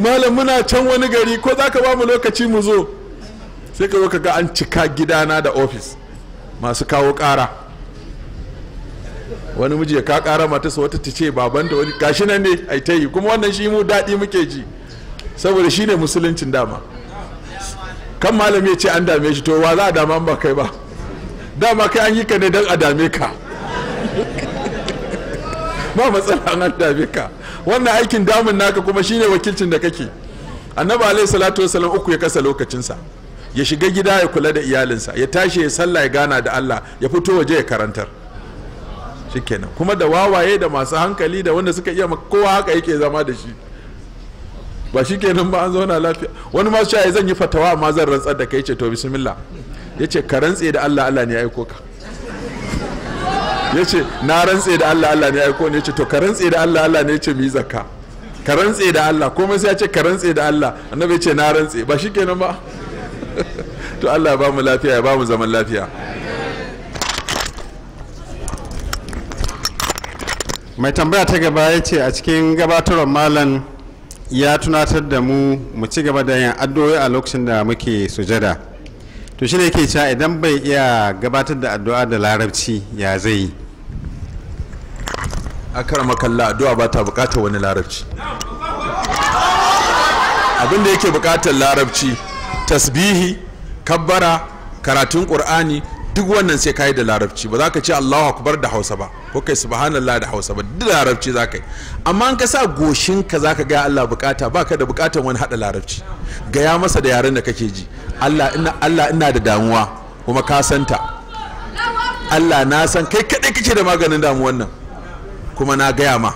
malam muna can wani gari ko za ka ba mu lokaci mu zo sai ka zo ka ga an cika gidana da ofis masu kawo ƙara wani miji ya ka ƙara su wata ta ce baban da wani gashi nan ne ai ta yi kuma wannan shi mu daɗi muke ji saboda shine musuluncin dama kan malam ya ce an dame shi to wa za a dama ba kai ba dama kai an yi ka ne don a dame ka ba matsala an dame ka wannan aikin damun naka kuma shine wakilcin da kake annabi alaihi salatu wasallam uku ya kasa lokacinsa ya shiga gida ya kula da iyalinsa ya tashi ya sallah ya gana da Allah ya fito waje ya karantar shikenan kuma da wawaye da masu hankali da wanda suka iya kowa haka yake zama da shi ba shikenan ba an zauna lafiya wani ma shi zan yi fatawa amma zan rantsar da kai ce to bismillah yace ka rantse da Allah Allah ne ya aiko ka ya ce na rantse da Allah Allah ne aiko ne ya ce to ka rantse da Allah Allah ne ya ce mi zaka zakka ka rantse da Allah komai sai ya ce ka rantse da Allah annabi ya ce na rantse ba shi nan ba to Allah ba mu lafiya ya ba mu zaman lafiya mai tambaya ta gaba ya ce a cikin gabatarwar malam ya tunatar da mu mu ci gaba da yin addu'o'i a lokacin da muke sujada to shi ne yake cewa idan bai iya gabatar da addu'a da larabci ya zai yi a kara makalla addu'a ba ta bukatar wani larabci abin da yake bukatar larabci tasbihi kabbara karatun qur'ani duk wannan sai ka yi da larabci ba za ka ce allahu akbar da hausa ba ko kai subhanallah da hausa ba duk larabci za ka yi amma in ka sa goshinka za ka gaya allah bukata ba ka da bukatar wani hada larabci gaya masa da yaren da kake ji Allah ina Allah ina da damuwa kuma ka santa Allah na san kai kaɗai kake da maganin damuwan nan kuma na gaya ma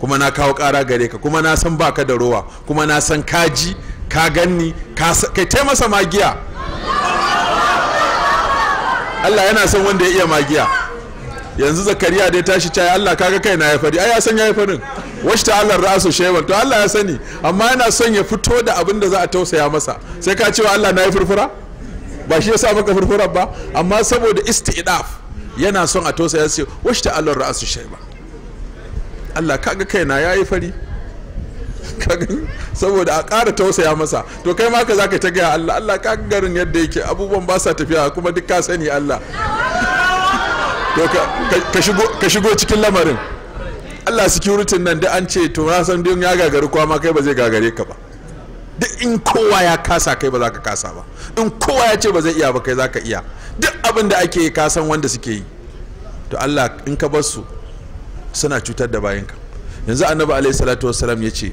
kuma na kawo ƙara gare ka kuma na san baka da rowa kuma na san kaji ka ganni kai taimasa magiya Allah yana son wanda ya iya magiya yanzu zakariya dai tashi caya Allah kaga kai na ya fari ai ya san ya yi farin wacce ta Allah ra'asu shayban to Allah ya sani amma yana son ya fito da abin da za a tausaya masa sai ka cewa Allah na yi furfura ba shi ya sa maka furfura ba amma saboda isti'daf yana son a tausaya sai wasu ta Allah ra'asu Allah kaga kai na ya yi fari saboda a ƙara tausaya masa to kai ma ka za ka ta gaya Allah Allah ka garin yadda yake abubuwan ba sa tafiya kuma duk ka sani Allah to ka shigo cikin lamarin allah security nan da an ce to na san duk ya gagari kowa kai ba zai gagare ka ba duk in kowa ya kasa kai ba za ka kasa ba in kowa ya ce ba zai iya ba kai za ka iya duk abin da ake ka san wanda suke yi to allah in ka bar su suna cutar da ka yanzu annabi alaihi salatu wasalam ya ce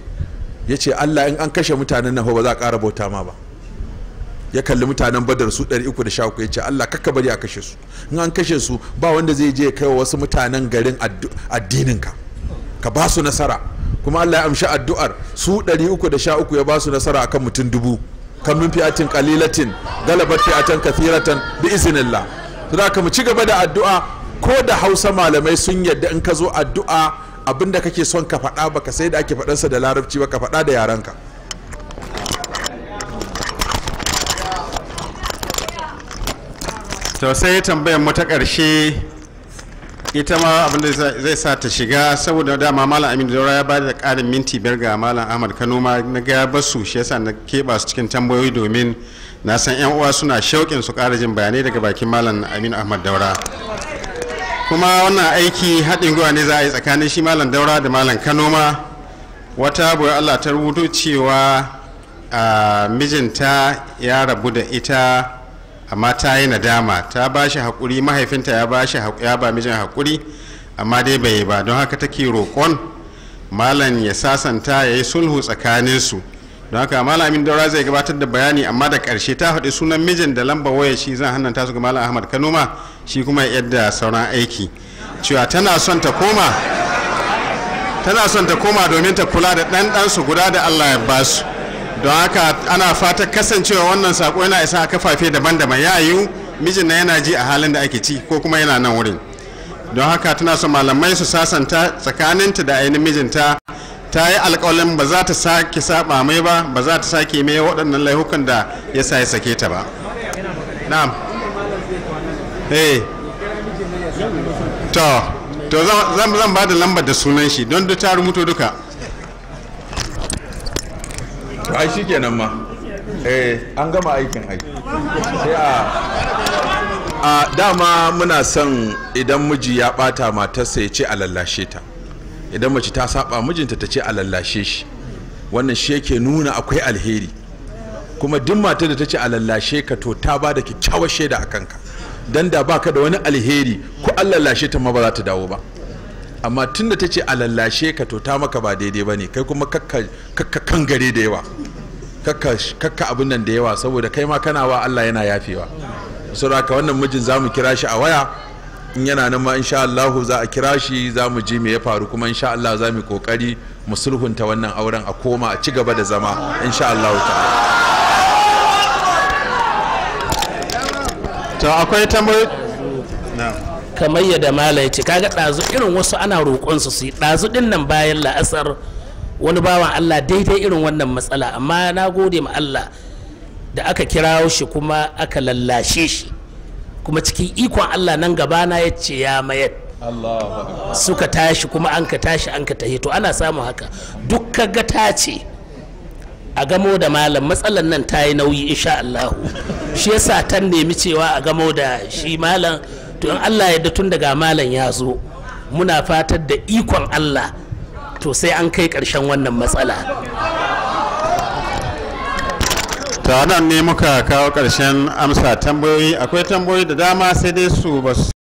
ya ce allah in an kashe mutanen nan ba za a kara bauta ma ba ya kalli mutanen badar su 313 ya ce Allah kakka bari a kashe su in an kashe su ba wanda zai je kai wa wasu mutanen garin addininka ka ba su nasara kuma Allah ya amshi addu'ar su 313 ya ba su nasara akan mutum dubu kan min fi'atin qalilatin galabat fi'atan kathiratan bi iznillah da mu ci gaba da addu'a ko da Hausa malamai sun yadda in ka zo addu'a abinda kake son ka faɗa baka sai da ake faɗansa da larabci ba ka faɗa da yarenka to sai tambayar mu mata ƙarshe ita ma abinda zai sa ta shiga saboda dama malam amin daura ya ba da ƙarin minti biyar ga malam ahmad kano ma na ga basu shi yasa na keɓa su cikin tambayoyi domin na san yan uwa suna shauƙin su ƙara jin bayanai daga bakin malam amin ahmad daura kuma wannan aiki haɗin gwiwa ne za a yi tsakanin shi malam daura da malam kano ma wata buya allah ta rubuto cewa ah, mijinta ya rabu da ita amma ta yi nadama ta ba shi haƙuri mahaifinta ya ba shi ya ba mijin haƙuri amma dai bai ba don haka take roƙon malam ya sasanta ya yi sulhu tsakaninsu don haka malamin daura zai gabatar da bayani amma da ƙarshe ta faɗi sunan mijin da lamba waya shi zan hannanta su ga malam ahmad kanoma shi kuma ya yadda sauran aiki cewa tana son tana son ta koma domin ta kula da ɗanɗansu guda da allah ya basu don haka ana fata kasancewa wannan sako yana isa a kafafe daban-daban ya yiwu mijin na yana ji a halin da ake ci ko kuma yana nan wurin don haka tana so malamai su sasanta tsakaninta da ainihin mijinta ta yi alkawalin ba za ta sake saba mai ba ba za ta sake mai waɗannan laihukan da ya sa ya sake ta ba eh. to zan ba da lambar da sunan shi don ta rumuto duka ai shi kenan ma eh an gama aikin aiki sai a a dama muna son idan miji ya bata matarsa ya ce a lallashe ta idan mace ta saba mijinta ta ce a lallashe shi wannan shi yake nuna akwai alheri kuma duk matar da ta ce a lallashe ka to ta ba da kyakkyawar shaida a kanka dan da baka da wani alheri ko an lallashe ta ma ba za ta dawo ba amma tunda ta ce a lallashe ka to ta maka ba daidai ba ne kai kuma kakka kangare da yawa kakka abin nan da yawa saboda kai ma kana wa Allah yana yafewa saboda ka wannan mijin za mu kira shi a waya in yana nan ma insha Allah za a kira shi za mu ji me ya faru kuma insha Allah za mu kokari mu sulhunta wannan auren a koma a ci gaba da zama insha Allah ta'ala to akwai tambayoyi kamar yadda malai kaga dazu irin wasu ana roƙon su su dazu din nan bayan la'asar wani bawan Allah daidai irin wannan matsala amma na gode ma Allah da aka kirawo shi kuma aka lallashe shi kuma cikin ikon Allah nan gaba na ya ce ya mayar suka tashi kuma an ka tashi an ka tahi to ana samu haka duk ka ga ta ce a gamo da malam matsalan nan ta yi nauyi insha Allah shi yasa ta nemi cewa a gamo da shi malam to in Allah ya tun daga malam ya zo muna fatar da ikon Allah to sai an kai ƙarshen wannan matsala ta nan ne muka kawo ƙarshen amsa tambayoyi akwai tambayoyi da dama sai dai su basu.